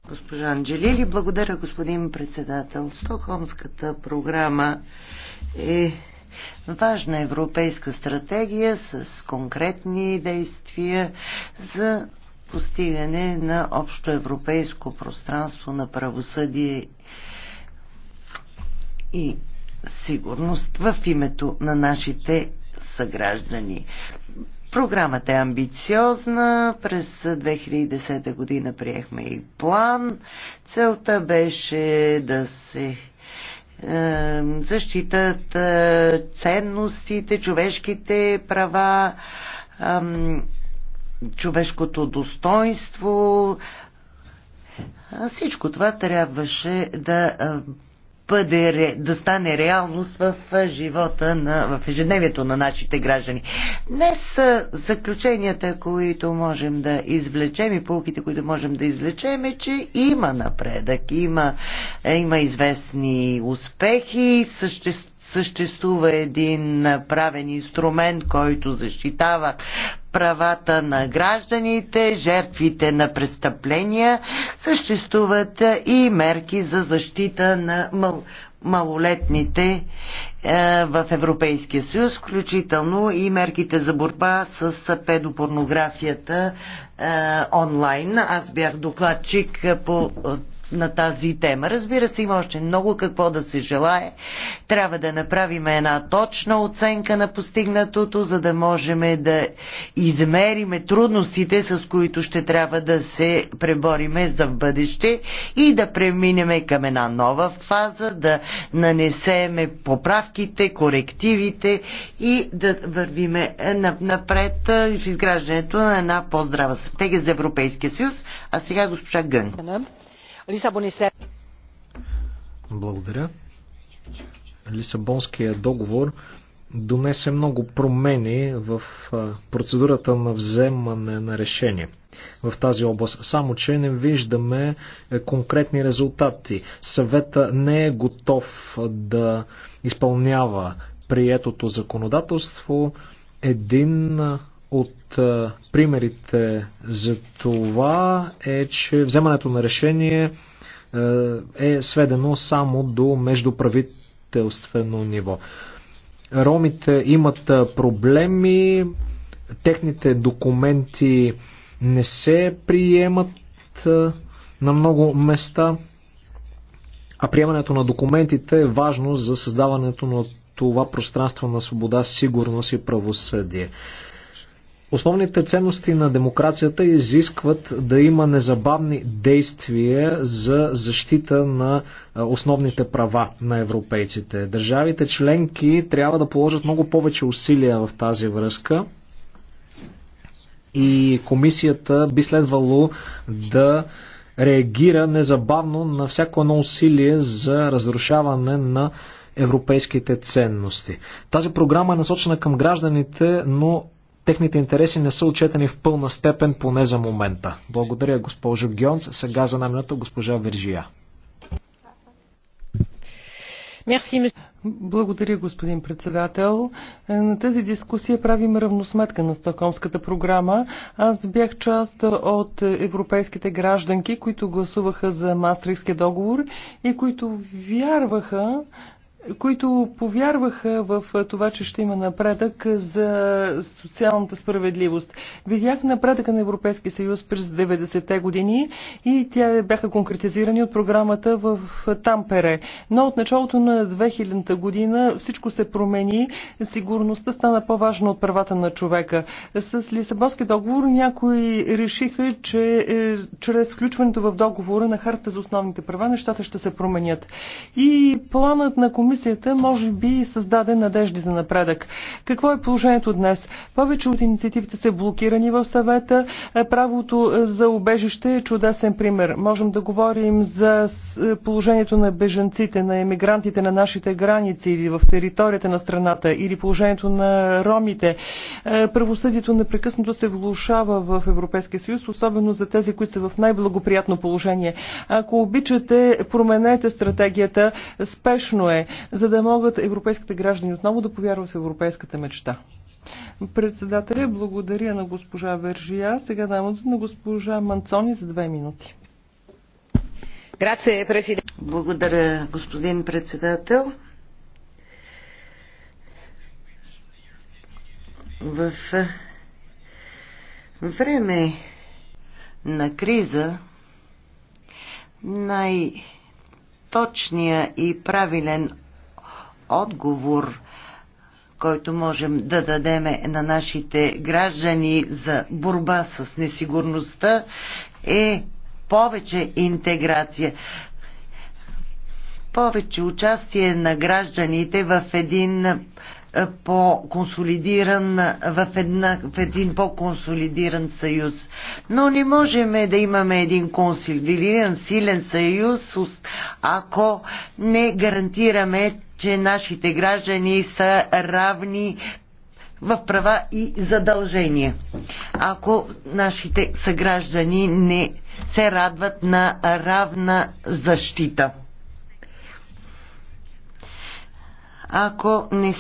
Госпожа Анджелили, благодаря господин председател. Стокхолмската програма е важна европейска стратегия с конкретни действия за постигане на общо европейско пространство на правосъдие и сигурност в името на нашите съграждани. Програмата е амбициозна. През 2010 година приехме и план. Целта беше да се е, защитат е, ценностите, човешките права, е, човешкото достоинство. Всичко това трябваше да е, бъде, да стане реалност в живота, на, в ежедневието на нашите граждани. Днес заключенията, които можем да извлечем и полките, които можем да извлечем е, че има напредък, има, е, има известни успехи, съществуват съществува един правен инструмент, който защитава правата на гражданите, жертвите на престъпления, съществуват и мерки за защита на мал- малолетните е, в Европейския съюз, включително и мерките за борба с педопорнографията е, онлайн. Аз бях докладчик по на тази тема. Разбира се, има още много какво да се желае. Трябва да направим една точна оценка на постигнатото, за да можем да измериме трудностите, с които ще трябва да се пребориме за бъдеще и да преминеме към една нова фаза, да нанесеме поправките, корективите и да вървиме напред в изграждането на една по-здрава стратегия за Европейския съюз. А сега госпожа
Гън се... Благодаря. Лисабонският договор донесе много промени в процедурата на вземане на решение в тази област. Само, че не виждаме е, конкретни резултати. Съвета не е готов да изпълнява приетото законодателство. Един от а, примерите за това е, че вземането на решение е сведено само до междуправителствено ниво. Ромите имат проблеми, техните документи не се приемат на много места, а приемането на документите е важно за създаването на това пространство на свобода, сигурност и правосъдие. Основните ценности на демокрацията изискват да има незабавни действия за защита на основните права на европейците. Държавите членки трябва да положат много повече усилия в тази връзка и комисията би следвало да реагира незабавно на всяко едно усилие за разрушаване на европейските ценности. Тази програма е насочена към гражданите, но техните интереси не са отчетени в пълна степен, поне за момента. Благодаря, госпожо Гьонц. Сега за намината госпожа Вержия.
Благодаря, господин председател. Е, на тази дискусия правим равносметка на Стокомската програма. Аз бях част от европейските гражданки, които гласуваха за Мастрихския договор и които вярваха, които повярваха в това, че ще има напредък за социалната справедливост. Видях напредъка на Европейския съюз през 90-те години и тя бяха конкретизирани от програмата в Тампере. Но от началото на 2000-та година всичко се промени. Сигурността стана по-важна от правата на човека. С Лисабонски договор някои решиха, че е, чрез включването в договора на харта за основните права нещата ще се променят. И планът на комисията комисията може би създаде надежди за напредък. Какво е положението днес? Повече от инициативите са блокирани в съвета. Е, правото е, за убежище е чудесен пример. Можем да говорим за е, положението на беженците, на емигрантите на нашите граници или в територията на страната, или положението на ромите. Правосъдието непрекъснато се влушава в Европейския съюз, особено за тези, които са в най-благоприятно положение. Ако обичате, променете стратегията. Спешно е за да могат европейските граждани отново да повярват в европейската мечта. Председателя, благодаря на госпожа Вержия. Сега давам на госпожа Манцони за две
минути. Благодаря, господин председател. В време на криза най точният и правилен отговор, който можем да дадем е на нашите граждани за борба с несигурността, е повече интеграция повече участие на гражданите в един е, по-консолидиран, в, една, в един по-консолидиран съюз. Но не можем да имаме един консолидиран, силен съюз, ако не гарантираме че нашите граждани са равни в права и задължения. Ако нашите съграждани не се радват на равна защита. Ако не,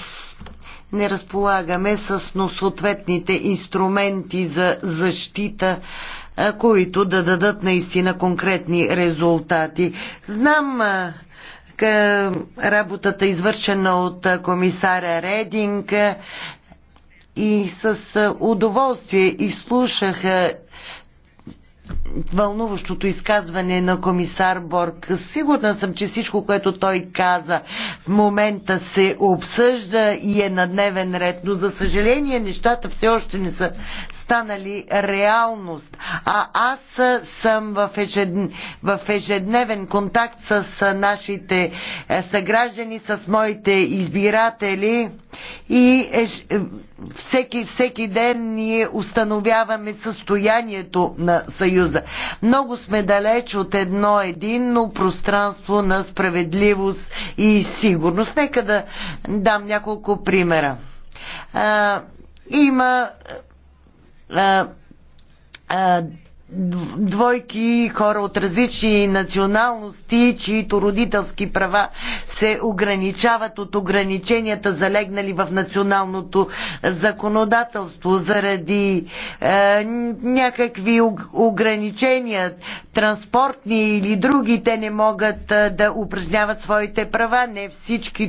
не разполагаме с съответните инструменти за защита, които да дадат наистина конкретни резултати. Знам, работата извършена от комисаря Рединг и с удоволствие изслушах вълнуващото изказване на комисар Борг. Сигурна съм, че всичко, което той каза в момента се обсъжда и е на дневен ред, но за съжаление нещата все още не са станали реалност. А аз съм в, в ежедневен контакт с нашите е, съграждани, с моите избиратели и е, е, всеки, всеки ден ние установяваме състоянието на Съюза. Много сме далеч от едно единно пространство на справедливост и сигурност. Нека да дам няколко примера. А, има а, а, двойки хора от различни националности, чието родителски права се ограничават от ограниченията залегнали в националното законодателство заради е, някакви ограничения, транспортни или други, те не могат е, да упражняват своите права. Не всички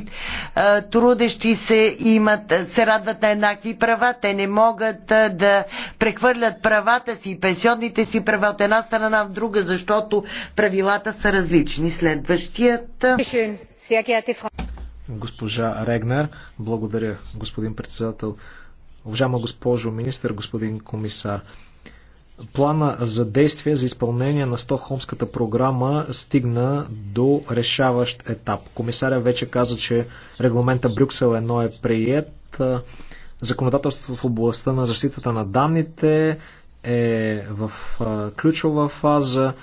е, трудещи се имат, се радват на еднакви права. Те не могат е, да прехвърлят правата си, пенсионните си си права от една страна в друга, защото правилата са различни. Следващият.
Госпожа Регнер, благодаря, господин председател. Уважаема госпожо министър, господин комисар, плана за действие за изпълнение на Стокхолмската програма стигна до решаващ етап. Комисаря вече каза, че регламента Брюксел 1 е прият. Законодателството в областта на защитата на данните е в ключова фаза.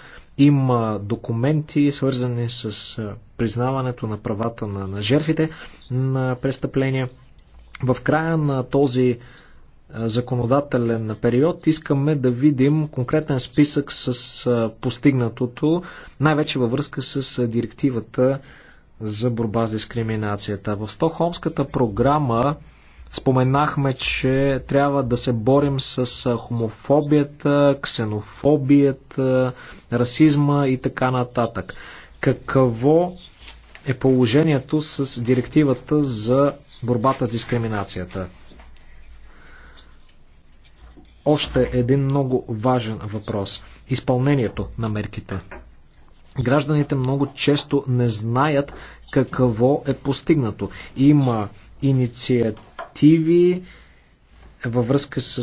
Има документи, свързани с признаването на правата на, на жертвите на престъпления. В края на този законодателен период искаме да видим конкретен списък с постигнатото, най-вече във връзка с директивата за борба с дискриминацията. В Стохомската програма Споменахме, че трябва да се борим с хомофобията, ксенофобията, расизма и така нататък. Какво е положението с директивата за борбата с дискриминацията? Още един много важен въпрос. Изпълнението на мерките. Гражданите много често не знаят какво е постигнато. Има инициатива директиви във връзка с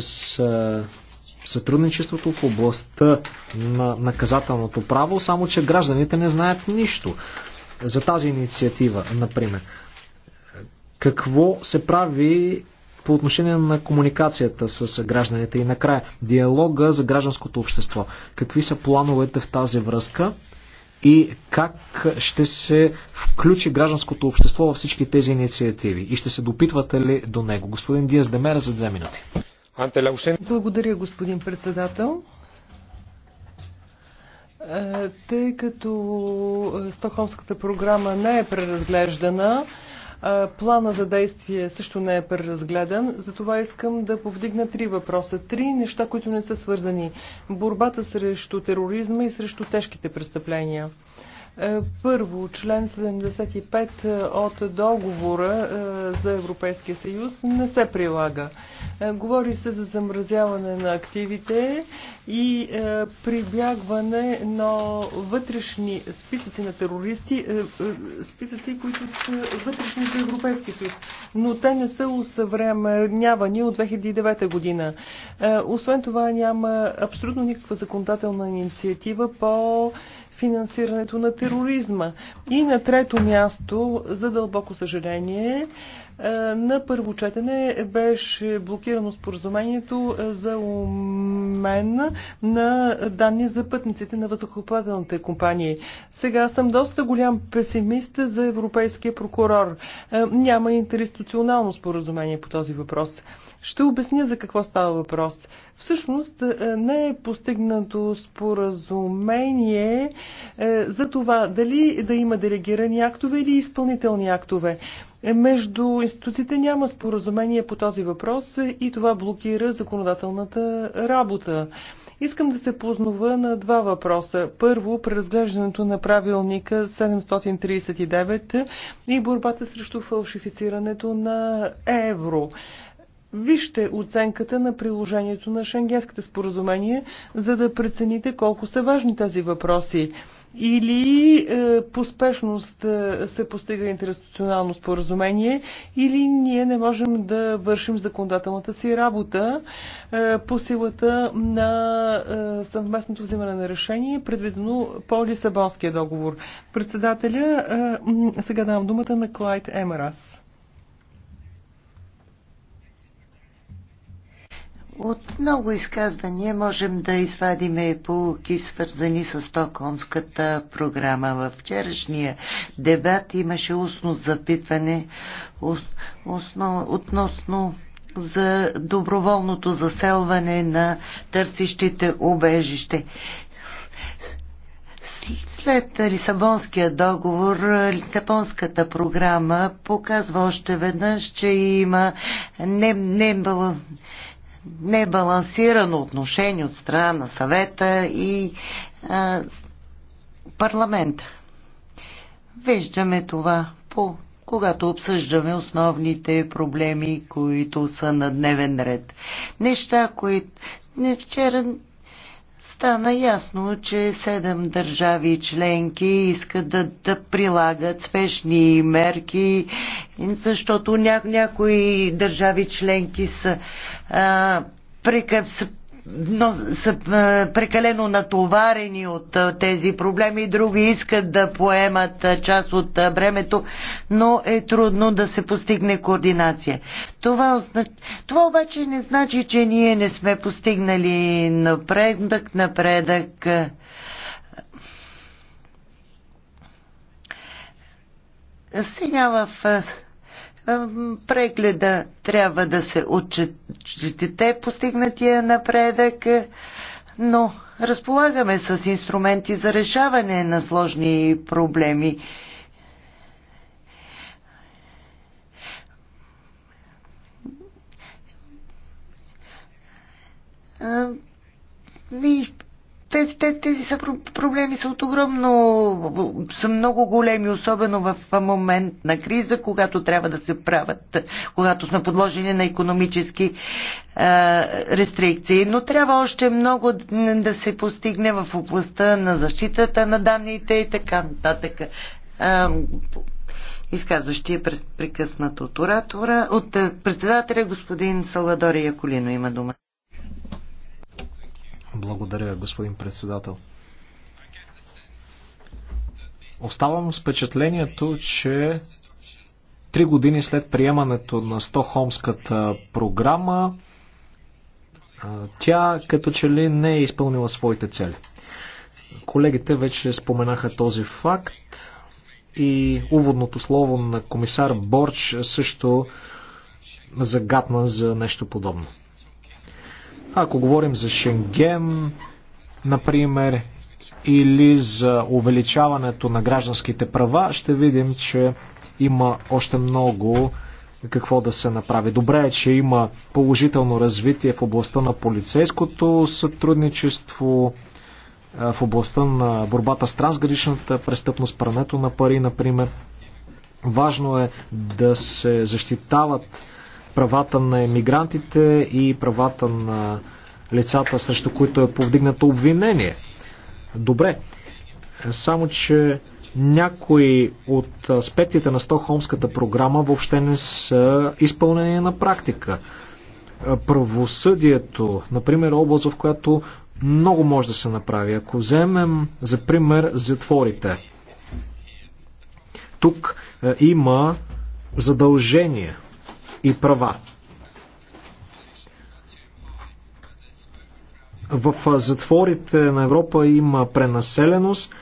сътрудничеството в областта на наказателното право, само че гражданите не знаят нищо за тази инициатива, например. Какво се прави по отношение на комуникацията с гражданите и накрая диалога за гражданското общество? Какви са плановете в тази връзка? и как ще се включи гражданското общество във всички тези инициативи и ще се допитвате ли до него? Господин Диас Демера за две минути.
Благодаря, господин председател. Е, тъй като е, Стокхолмската програма не е преразглеждана, Плана за действие също не е преразгледан, затова искам да повдигна три въпроса. Три неща, които не са свързани. Борбата срещу тероризма и срещу тежките престъпления. Е, първо, член 75 е, от договора е, за Европейския съюз не се прилага. Говори се за замразяване на активите и прибягване на вътрешни списъци на терористи, списъци, които са вътрешни за Европейски съюз, но те не са усъвременявани от 2009 година. Освен това няма абсолютно никаква законодателна инициатива по финансирането на тероризма. И на трето място, за дълбоко съжаление, е, на първо четене беше блокирано споразумението е, за умен на данни за пътниците на въздухоплавателните компании. Сега съм доста голям песимист за европейския прокурор. Е, няма интерституционално споразумение по този въпрос. Ще обясня за какво става въпрос. Всъщност не е постигнато споразумение за това дали да има делегирани актове или изпълнителни актове. Е, между институциите няма споразумение по този въпрос и това блокира законодателната работа. Искам да се познова на два въпроса. Първо, преразглеждането на правилника 739 и борбата срещу фалшифицирането на евро. Вижте оценката на приложението на Шенгенските споразумение, за да прецените колко са важни тези въпроси или е, по спешност е, се постига интернационално споразумение, или ние не можем да вършим законодателната си работа е, по силата на е, съвместното взимане на решение, предвидено по Лисабонския договор. Председателя, е, сега давам думата на Клайд
Емерас. От много изказвания можем да извадиме полуки, свързани с Токомската програма. В вчерашния дебат имаше устно запитване относно за доброволното заселване на търсищите убежище. След Лисабонския договор, Лисабонската програма показва още веднъж, че има не, не, небалансирано отношение от страна на съвета и а, парламента. Виждаме това по когато обсъждаме основните проблеми, които са на дневен ред. Неща, които не вчера Стана ясно, че седем държави членки искат да, да прилагат спешни мерки, защото ня, някои държави членки са а, прекъп, но са прекалено натоварени от тези проблеми и други искат да поемат част от бремето, но е трудно да се постигне координация. Това, Това обаче не значи, че ние не сме постигнали напредък, напредък. Сега в прегледа трябва да се отчете постигнатия напредък, но разполагаме с инструменти за решаване на сложни проблеми. Ви тези, тези, тези са проблеми са от огромно, са много големи, особено в момент на криза, когато трябва да се правят, когато сме подложени на економически а, е, рестрикции. Но трябва още много да се постигне в областта на защитата на данните и така нататък. Е, изказващия прекъснат от оратора, от е, председателя господин Саладори Яколино има
дума. Благодаря, господин председател. Оставам с впечатлението, че три години след приемането на Стохомската програма, тя като че ли не е изпълнила своите цели. Колегите вече споменаха този факт и уводното слово на комисар Борч също загатна за нещо подобно. Ако говорим за Шенген, например, или за увеличаването на гражданските права, ще видим, че има още много какво да се направи. Добре е, че има положително развитие в областта на полицейското сътрудничество, в областта на борбата с трансграничната престъпност, прането на пари, например. Важно е да се защитават правата на емигрантите и правата на лицата, срещу които е повдигнато обвинение. Добре, само че някои от аспектите на Стокхолмската програма въобще не са изпълнение на практика. Правосъдието, например, е област, в която много може да се направи. Ако вземем за пример затворите, тук е, има задължение и права. В затворите на Европа има пренаселеност.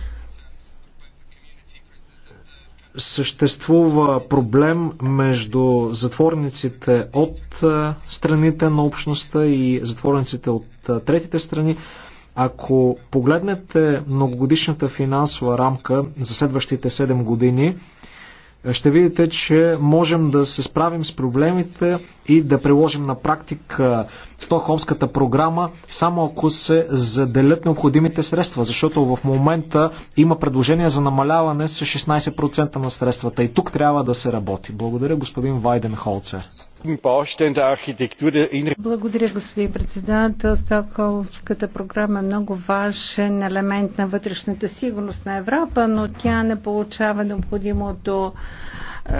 Съществува проблем между затворниците от страните на общността и затворниците от третите страни. Ако погледнете многогодишната финансова рамка за следващите 7 години, ще видите, че можем да се справим с проблемите и да приложим на практика Стокхолмската програма, само ако се заделят необходимите средства, защото в момента има предложение за намаляване с 16% на средствата и тук трябва да се работи. Благодаря господин Вайден Холцер. Благодаря,
господин председател. Стокхолмската програма е много важен елемент на вътрешната сигурност на Европа, но тя не получава необходимото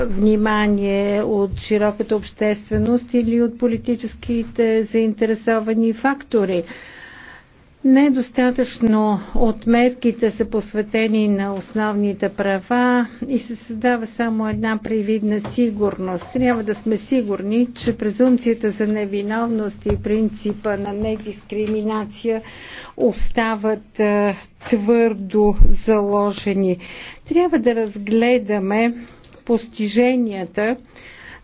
внимание от широката общественост или от политическите заинтересовани фактори. Недостатъчно от мерките са посветени на основните права и се създава само една привидна сигурност. Трябва да сме сигурни, че презумцията за невиновност и принципа на недискриминация остават е, твърдо заложени. Трябва да разгледаме постиженията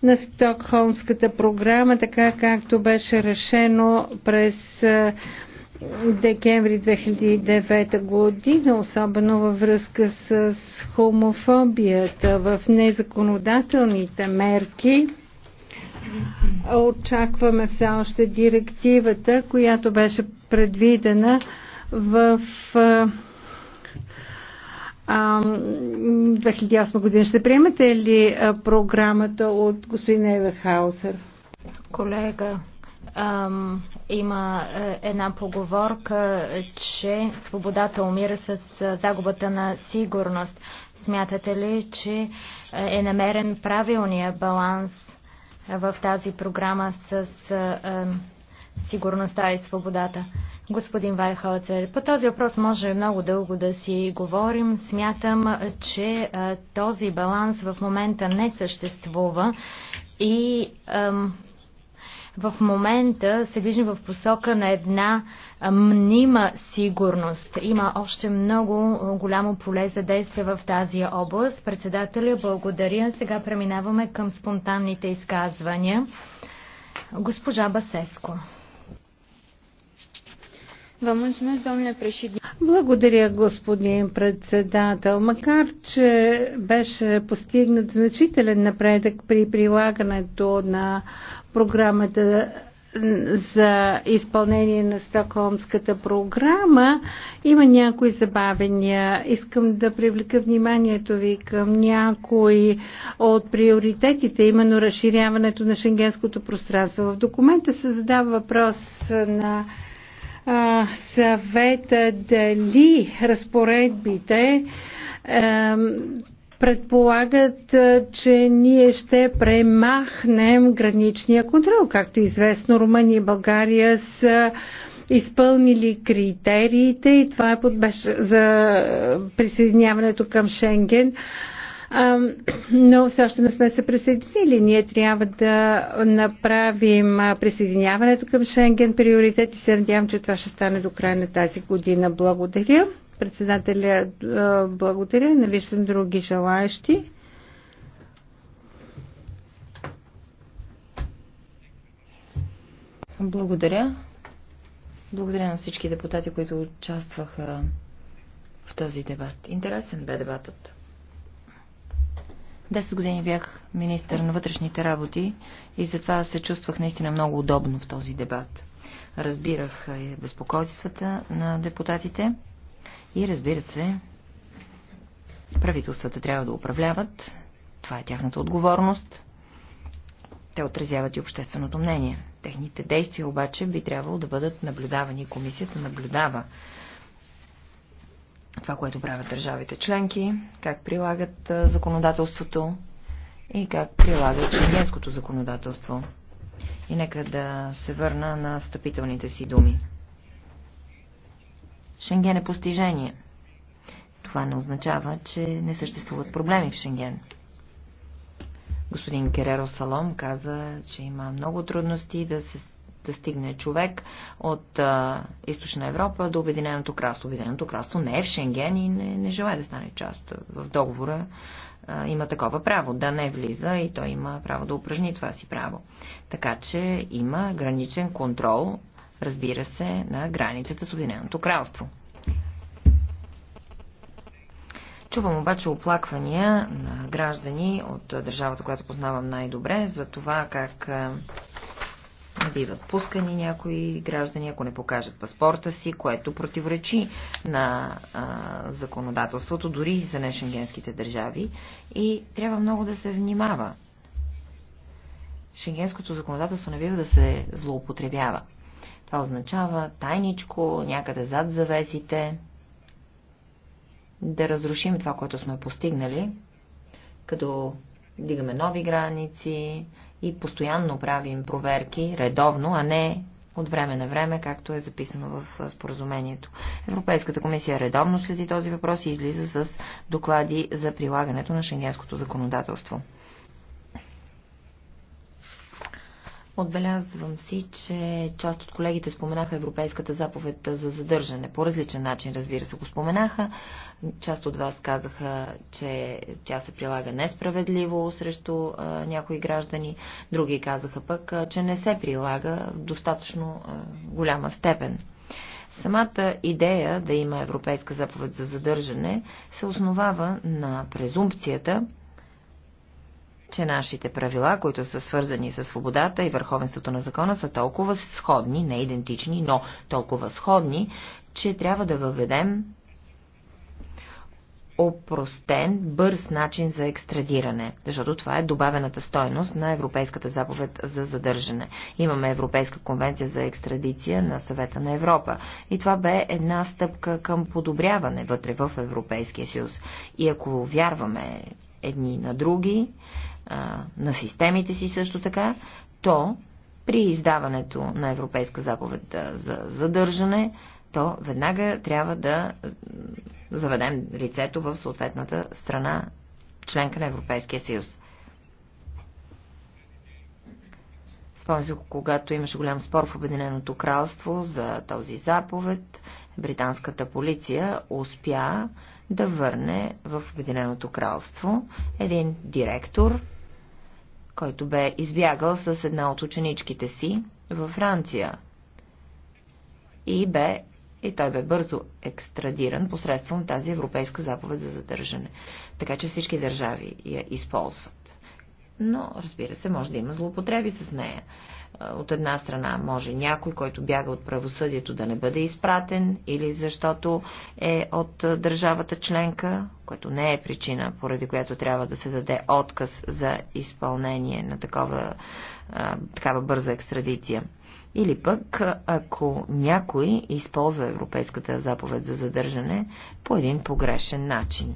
на Стокхолмската програма, така както беше решено през е, декември 2009 година, особено във връзка с хомофобията в незаконодателните мерки. Очакваме все още директивата, която беше предвидена в 2008 година. Ще приемете ли програмата
от господин Еверхаузер? Колега, има е, една поговорка, че свободата умира с е, загубата на сигурност. Смятате ли, че е, е намерен правилния баланс в тази програма с сигурността и свободата? Господин Вайхалцер, по този въпрос може много дълго да си говорим. Смятам, че този баланс в момента не съществува и в момента се движим в посока на една мнима сигурност. Има още много голямо поле за действие в тази област. Председателя, благодаря. Сега преминаваме към спонтанните изказвания. Госпожа Басеско.
Благодаря, господин председател. Макар, че беше постигнат значителен напредък при прилагането на програмата за изпълнение на Стокхолмската програма има някои забавения. Искам да привлека вниманието ви към някои от приоритетите, именно разширяването на шенгенското пространство. В документа се задава въпрос на а, съвета дали разпоредбите предполагат, че ние ще премахнем граничния контрол. Както е известно, Румъния и България са изпълнили критериите и това е подбеж за присъединяването към Шенген. Но все още не сме се присъединили. Ние трябва да направим присъединяването към Шенген приоритет и се надявам, че това ще стане до края на тази година. Благодаря. Председателя, е, благодаря. Не виждам други желаящи.
Благодаря. Благодаря на всички депутати, които участваха в този дебат. Интересен бе дебатът. Десет години бях министър на вътрешните работи и затова се чувствах наистина много удобно в този дебат. Разбирах е, безпокойствата на депутатите. И разбира се, правителствата трябва да управляват. Това е тяхната отговорност. Те отразяват и общественото мнение. Техните действия обаче би трябвало да бъдат наблюдавани. Комисията наблюдава това, което правят държавите членки, как прилагат законодателството и как прилагат шенгенското законодателство. И нека да се върна на стъпителните си думи. Шенген е постижение. Това не означава, че не съществуват проблеми в Шенген. Господин Кереро Салом каза, че има много трудности да се да стигне човек от а, източна Европа до Обединеното кралство. Обединеното кралство не е в Шенген и не, не желая да стане част. В договора а, има такова право да не влиза и той има право да упражни това си право. Така че има граничен контрол разбира се, на границата с Обединеното кралство. Чувам обаче оплаквания на граждани от държавата, която познавам най-добре, за това как биват пускани някои граждани, ако не покажат паспорта си, което противоречи на а, законодателството, дори за нешенгенските държави. И трябва много да се внимава. Шенгенското законодателство не бива да се злоупотребява. Това означава тайничко, някъде зад завесите, да разрушим това, което сме постигнали, като дигаме нови граници и постоянно правим проверки, редовно, а не от време на време, както е записано в споразумението. Европейската комисия редовно следи този въпрос и излиза с доклади за прилагането на шенгенското законодателство. Отбелязвам си, че част от колегите споменаха Европейската заповед за задържане. По различен начин, разбира се, го споменаха. Част от вас казаха, че тя се прилага несправедливо срещу а, някои граждани. Други казаха пък, а, че не се прилага в достатъчно а, голяма степен. Самата идея да има Европейска заповед за задържане се основава на презумпцията, че нашите правила, които са свързани с свободата и върховенството на закона, са толкова сходни, не идентични, но толкова сходни, че трябва да въведем опростен, бърз начин за екстрадиране, защото това е добавената стойност на Европейската заповед за задържане. Имаме Европейска конвенция за екстрадиция на съвета на Европа и това бе една стъпка към подобряване вътре в Европейския съюз. И ако вярваме едни на други, а, на системите си също така, то при издаването на Европейска заповед за задържане, то веднага трябва да заведем лицето в съответната страна, членка на Европейския съюз. Спомням се, когато имаше голям спор в Обединеното кралство за този заповед, британската полиция успя да върне в Обединеното кралство един директор който бе избягал с една от ученичките си във Франция. И бе и той бе бързо екстрадиран посредством тази европейска заповед за задържане. Така че всички държави я използват. Но, разбира се, може да има злоупотреби с нея. От една страна може някой, който бяга от правосъдието да не бъде изпратен или защото е от държавата членка, което не е причина, поради която трябва да се даде отказ за изпълнение на такова, такава бърза екстрадиция. Или пък, ако някой използва Европейската заповед за задържане по един погрешен начин.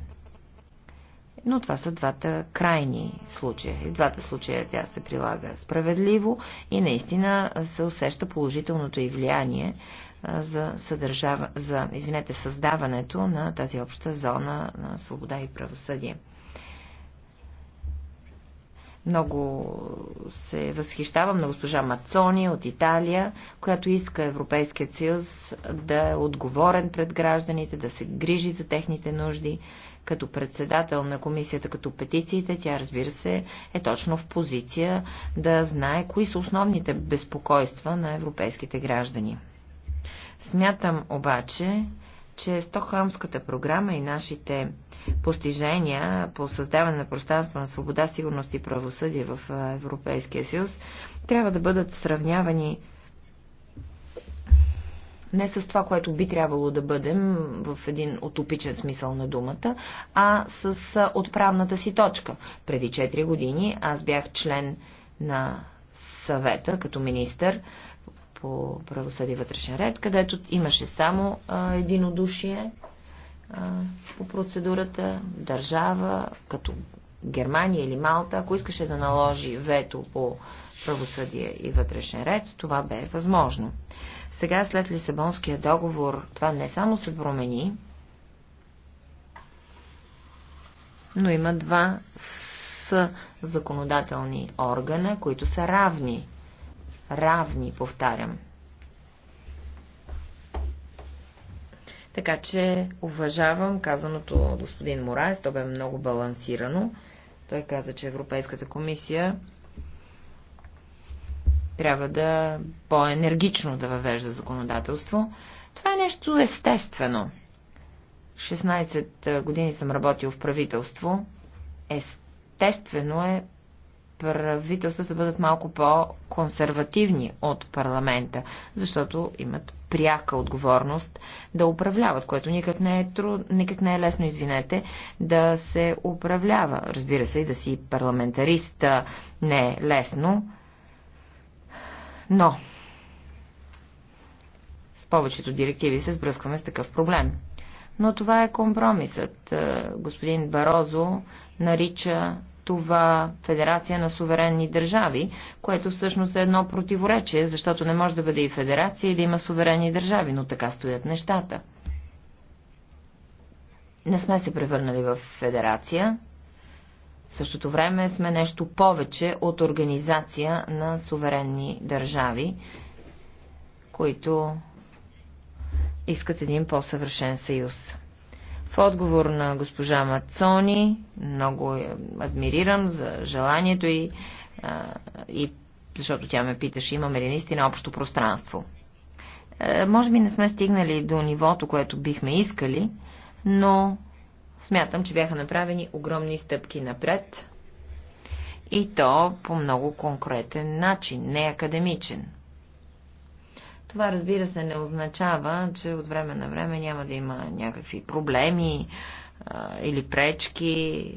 Но това са двата крайни случая. И в двата случая тя се прилага справедливо и наистина се усеща положителното и влияние за, съдържава, за извинете, създаването на тази обща зона на свобода и правосъдие. Много се възхищавам на госпожа Мацони от Италия, която иска Европейският съюз да е отговорен пред гражданите, да се грижи за техните нужди като председател на комисията като петициите, тя разбира се е точно в позиция да знае кои са основните безпокойства на европейските граждани. Смятам обаче, че Стокхолмската програма и нашите постижения по създаване на пространство на свобода, сигурност и правосъдие в Европейския съюз трябва да бъдат сравнявани не с това, което би трябвало да бъдем в един утопичен смисъл на думата, а с отправната си точка. Преди 4 години аз бях член на съвета като министър по правосъдие вътрешен ред, където имаше само а, единодушие а, по процедурата, държава, като Германия или Малта, ако искаше да наложи вето по правосъдие и вътрешен ред, това бе възможно. Сега, след Лисабонския договор, това не само се промени, но има два с законодателни органа, които са равни. Равни, повтарям. Така че уважавам казаното господин Морайс, то бе много балансирано. Той каза, че Европейската комисия трябва да по-енергично да въвежда законодателство. Това е нещо естествено. 16 години съм работил в правителство. Естествено е правителствата да бъдат малко по-консервативни от парламента, защото имат пряка отговорност да управляват, което никак не е, труд, никак не е лесно, извинете, да се управлява. Разбира се, и да си парламентариста не е лесно, но с повечето директиви се сбръскваме с такъв проблем. Но това е компромисът. Е, господин Барозо нарича това Федерация на суверенни държави, което всъщност е едно противоречие, защото не може да бъде и федерация и да има суверенни държави, но така стоят нещата. Не сме се превърнали в федерация, в същото време сме нещо повече от организация на суверенни държави, които искат един по-съвършен съюз. В отговор на госпожа Мацони, много адмирирам за желанието и, и защото тя ме питаше, имаме ли наистина общо пространство. Е, може би не сме стигнали до нивото, което бихме искали, но Смятам, че бяха направени огромни стъпки напред и то по много конкретен начин, не академичен. Това, разбира се, не означава, че от време на време няма да има някакви проблеми а, или пречки.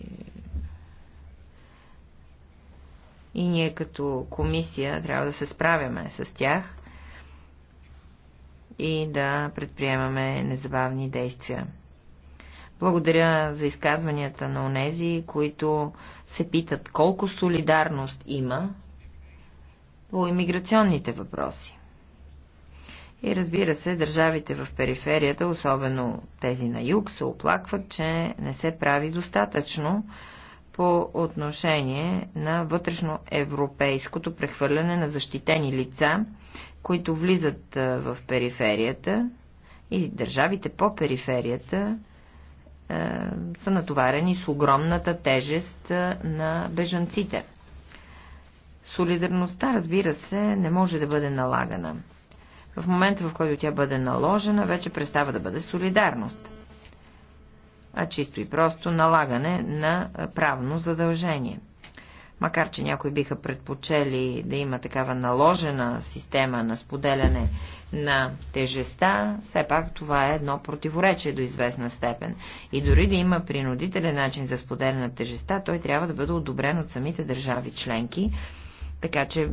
И ние като комисия трябва да се справяме с тях и да предприемаме незабавни действия. Благодаря за изказванията на онези, които се питат колко солидарност има по иммиграционните въпроси. И разбира се, държавите в периферията, особено тези на юг, се оплакват, че не се прави достатъчно по отношение на вътрешноевропейското прехвърляне на защитени лица, които влизат в периферията и държавите по периферията е, са натоварени с огромната тежест е, на бежанците. Солидарността, разбира се, не може да бъде налагана. В момента, в който тя бъде наложена, вече престава да бъде солидарност, а чисто и просто налагане на правно задължение – макар че някои биха предпочели да има такава наложена система на споделяне на тежеста, все пак това е едно противоречие до известна степен. И дори да има принудителен начин за споделяне на тежеста, той трябва да бъде одобрен от самите държави членки, така че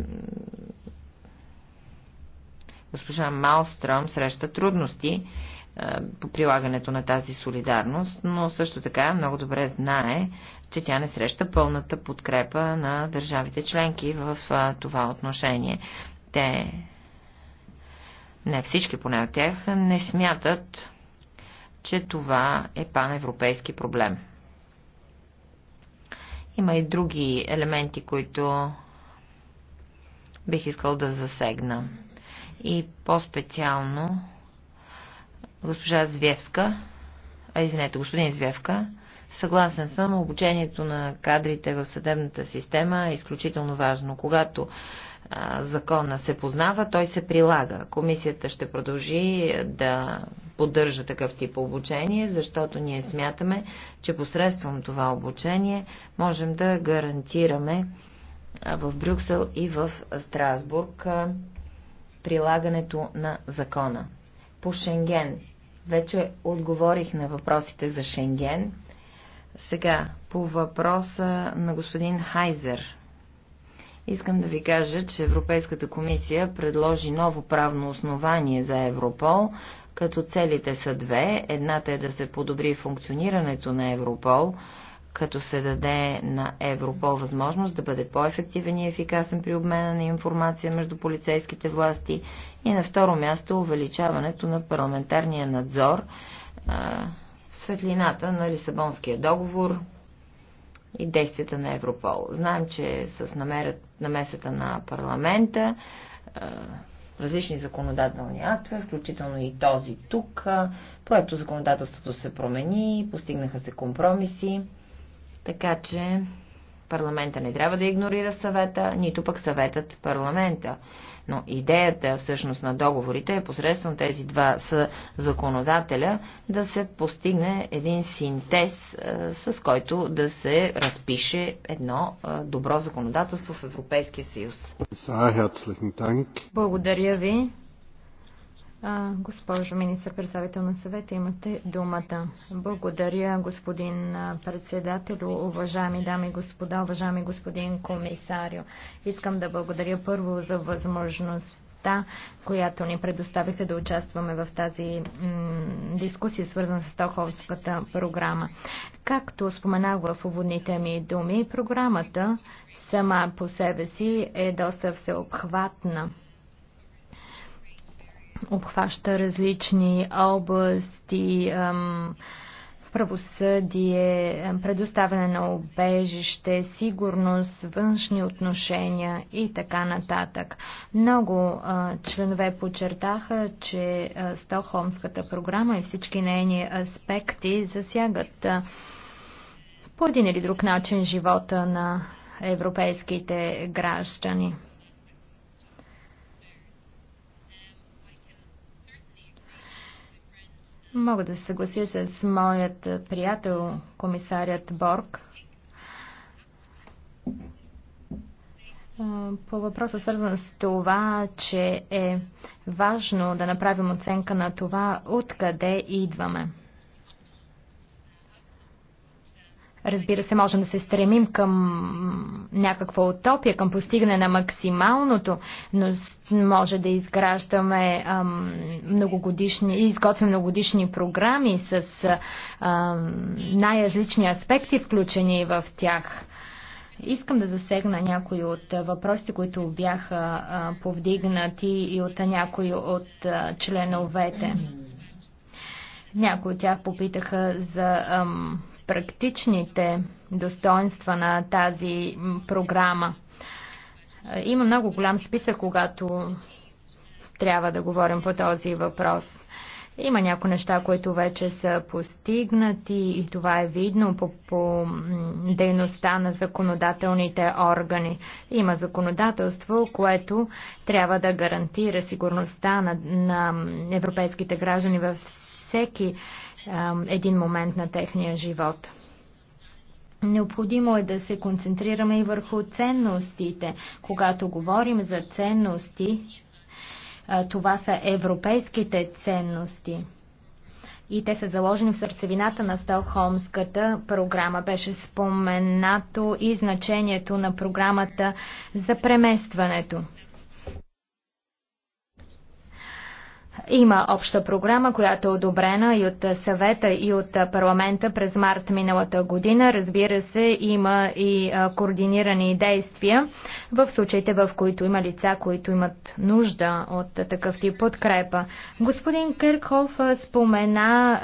госпожа Малстром среща трудности по прилагането на тази солидарност, но също така много добре знае, че тя не среща пълната подкрепа на държавите членки в това отношение. Те, не всички поне от тях, не смятат, че това е паневропейски проблем. Има и други елементи, които бих искал да засегна. И по-специално Госпожа Звевска, а извинете, господин Звевка, съгласен съм, обучението на кадрите в съдебната система е изключително важно. Когато закона се познава, той се прилага. Комисията ще продължи да поддържа такъв тип обучение, защото ние смятаме, че посредством това обучение можем да гарантираме в Брюксел и в Страсбург прилагането на закона. По Шенген вече отговорих на въпросите за Шенген. Сега, по въпроса на господин Хайзер. Искам да ви кажа, че Европейската комисия предложи ново правно основание за Европол, като целите са две. Едната е да се подобри функционирането на Европол, като се даде на Европол възможност да бъде по-ефективен и ефикасен при обмена на информация между полицейските власти и на второ място увеличаването на парламентарния надзор а, в светлината на Лисабонския договор и действията на Европол. Знаем, че с намерят, намесата на парламента а, различни законодателни актове, включително и този тук. Проекто законодателството се промени, постигнаха се компромиси. Така че парламента не трябва да игнорира съвета, нито пък съветът парламента. Но идеята всъщност на договорите е посредством тези два законодателя да се постигне един синтез, е, с който да се разпише едно е, добро законодателство в Европейския съюз.
Благодаря ви. Госпожо министър-председател на съвета, имате думата. Благодаря, господин председател, уважаеми дами и господа, уважаеми господин комисарио. Искам да благодаря първо за възможността, която ни предоставиха да участваме в тази дискусия, свързана с Тоховската програма. Както споменах в уводните ми думи, програмата сама по себе си е доста всеобхватна обхваща различни области, правосъдие, предоставяне на обежище, сигурност, външни отношения и така нататък. Много членове подчертаха, че стохомската програма и всички нейни аспекти засягат по един или друг начин живота на европейските граждани. Мога да се съглася с моят приятел, комисарят Борг. По въпроса свързан с това, че е важно да направим оценка на това, откъде идваме. Разбира се, можем да се стремим към някаква утопия, към постигане на максималното, но може да изграждаме ам, многогодишни, изготвим многогодишни програми с най-различни аспекти, включени в тях. Искам да засегна някои от въпросите, които бяха повдигнати и от някои от членовете. Някои от тях попитаха за ам, практичните достоинства на тази програма. Има много голям списък, когато трябва да говорим по този въпрос. Има някои неща, които вече са постигнати и това е видно по, по дейността на законодателните органи. Има законодателство, което трябва да гарантира сигурността на, на европейските граждани във всеки един момент на техния живот. Необходимо е да се концентрираме и върху ценностите. Когато говорим за ценности, това са европейските ценности. И те са заложени в сърцевината на Стокхолмската програма. Беше споменато и значението на програмата за преместването. Има обща програма, която е одобрена и от съвета и от парламента през март миналата година. Разбира се, има и координирани действия в случаите, в които има лица, които имат нужда от такъв тип подкрепа. Господин Кирхов спомена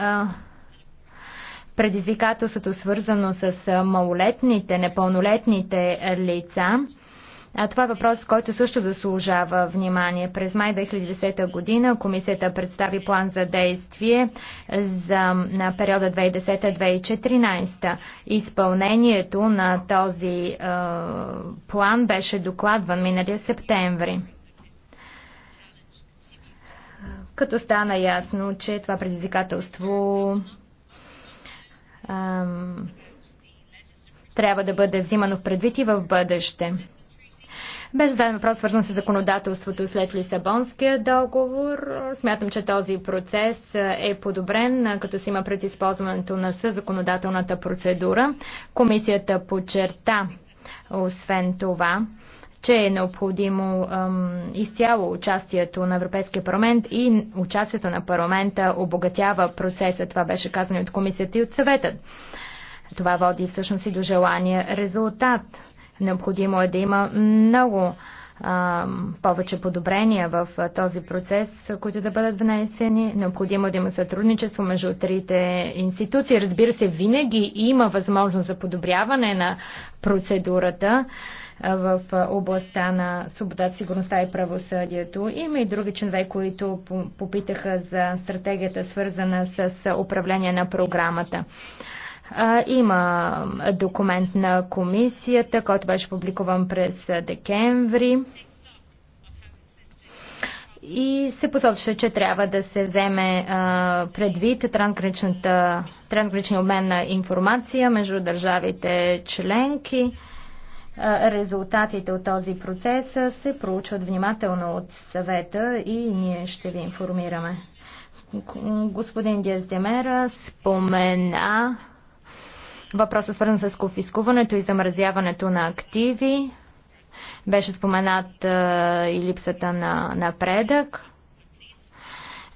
предизвикателството свързано с малолетните, непълнолетните лица. А това е въпрос, който също заслужава внимание. През май 2010 година комисията представи план за действие за на периода 2010-2014. Изпълнението на този е, план беше докладван миналия септември като стана ясно, че това предизвикателство е, трябва да бъде взимано в предвид и в бъдеще. Беше зададен въпрос, свързан с законодателството след Лисабонския договор. Смятам, че този процес е подобрен, като се има пред използването на съзаконодателната процедура. Комисията подчерта, освен това, че е необходимо ем, изцяло участието на Европейския парламент и участието на парламента обогатява процеса. Това беше казано от комисията и от съветът. Това води всъщност и до желания резултат. Необходимо е да има много а, повече подобрения в този процес, които да бъдат внесени. Необходимо е да има сътрудничество между трите институции. Разбира се, винаги има възможност за подобряване на процедурата в областта на свободата, сигурността и правосъдието. Има и други членове, които попитаха за стратегията, свързана с управление на програмата. Има документ на комисията, който беше публикуван през декември и се посочва, че трябва да се вземе а, предвид трансграничния обмен на информация между държавите членки. А, резултатите от този процес се проучват внимателно от съвета и ние ще ви информираме. Господин Диаздемера спомена Въпросът свързан с конфискуването и замразяването на активи. Беше споменат а, и липсата на напредък.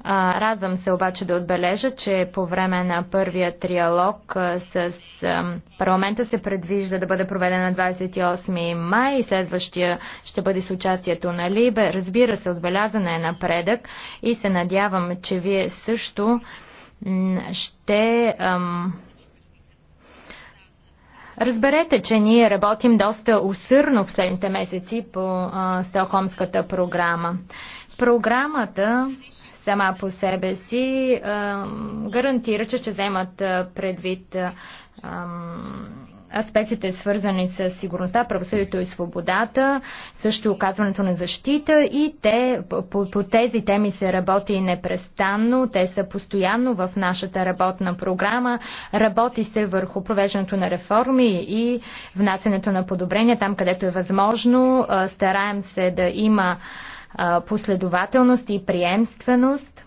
А, радвам се обаче да отбележа, че по време на първия триалог с а, парламента се предвижда да бъде проведен на 28 май и следващия ще бъде с участието на Либе. Разбира се, отбелязана е напредък и се надявам, че вие също ще ам, Разберете, че ние работим доста усърно в последните месеци по а, Стокхолмската програма. Програмата сама по себе си а, гарантира, че ще вземат предвид а, аспектите, свързани с сигурността, правосъдието и свободата, също оказването на защита и те, по, по тези теми се работи непрестанно, те са постоянно в нашата работна програма, работи се върху провеждането на реформи и внасянето на подобрения там, където е възможно, стараем се да има последователност и приемственост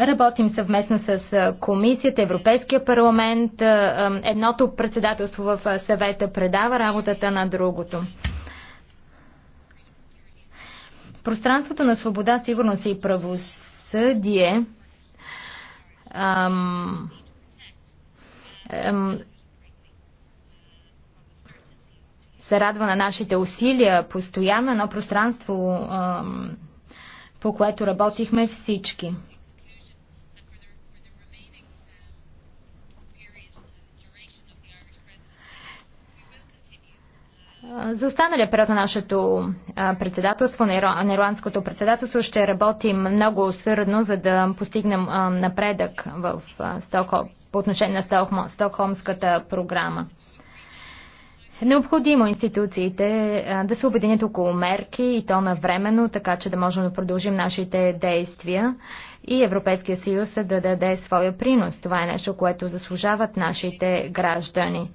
Работим съвместно с комисията, Европейския парламент. Едното председателство в съвета предава работата на другото. Пространството на свобода, сигурност и правосъдие ам, ам, се радва на нашите усилия, постоянно едно пространство, по което работихме всички. За останалия период на нашето председателство, на ирландското председателство, ще работим много усърдно, за да постигнем напредък в Стокхол, по отношение на Стокхолмската програма. Необходимо е институциите да се обединят около мерки и то навременно, така че да можем да продължим нашите действия и Европейския съюз да даде своя принос. Това е нещо, което заслужават нашите граждани.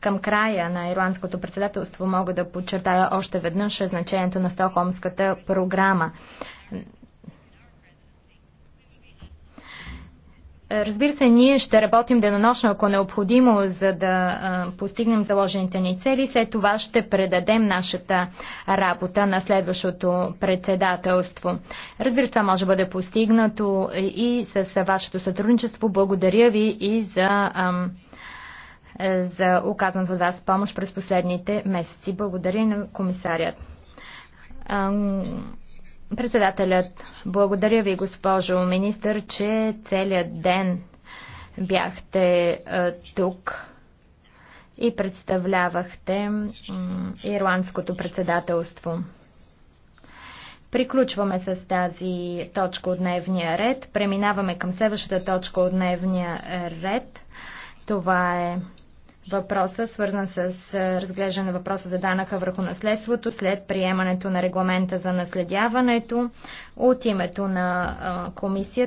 Към края на ирландското председателство мога да подчертая още веднъж значението на Стокхолмската програма. Разбира се, ние ще работим денонощно, ако е необходимо, за да постигнем заложените ни цели. След това ще предадем нашата работа на следващото председателство. Разбира се, това може да бъде постигнато и с вашето сътрудничество. Благодаря ви и за за оказаната от вас помощ през последните месеци. Благодаря на комисарят. Председателят, благодаря ви, госпожо министър, че целият ден бяхте тук и представлявахте ирландското председателство. Приключваме с тази точка от дневния ред. Преминаваме към следващата точка от дневния ред. Това е въпроса, свързан с разглеждане на въпроса за данъка върху наследството след приемането на регламента за наследяването от името на комисията.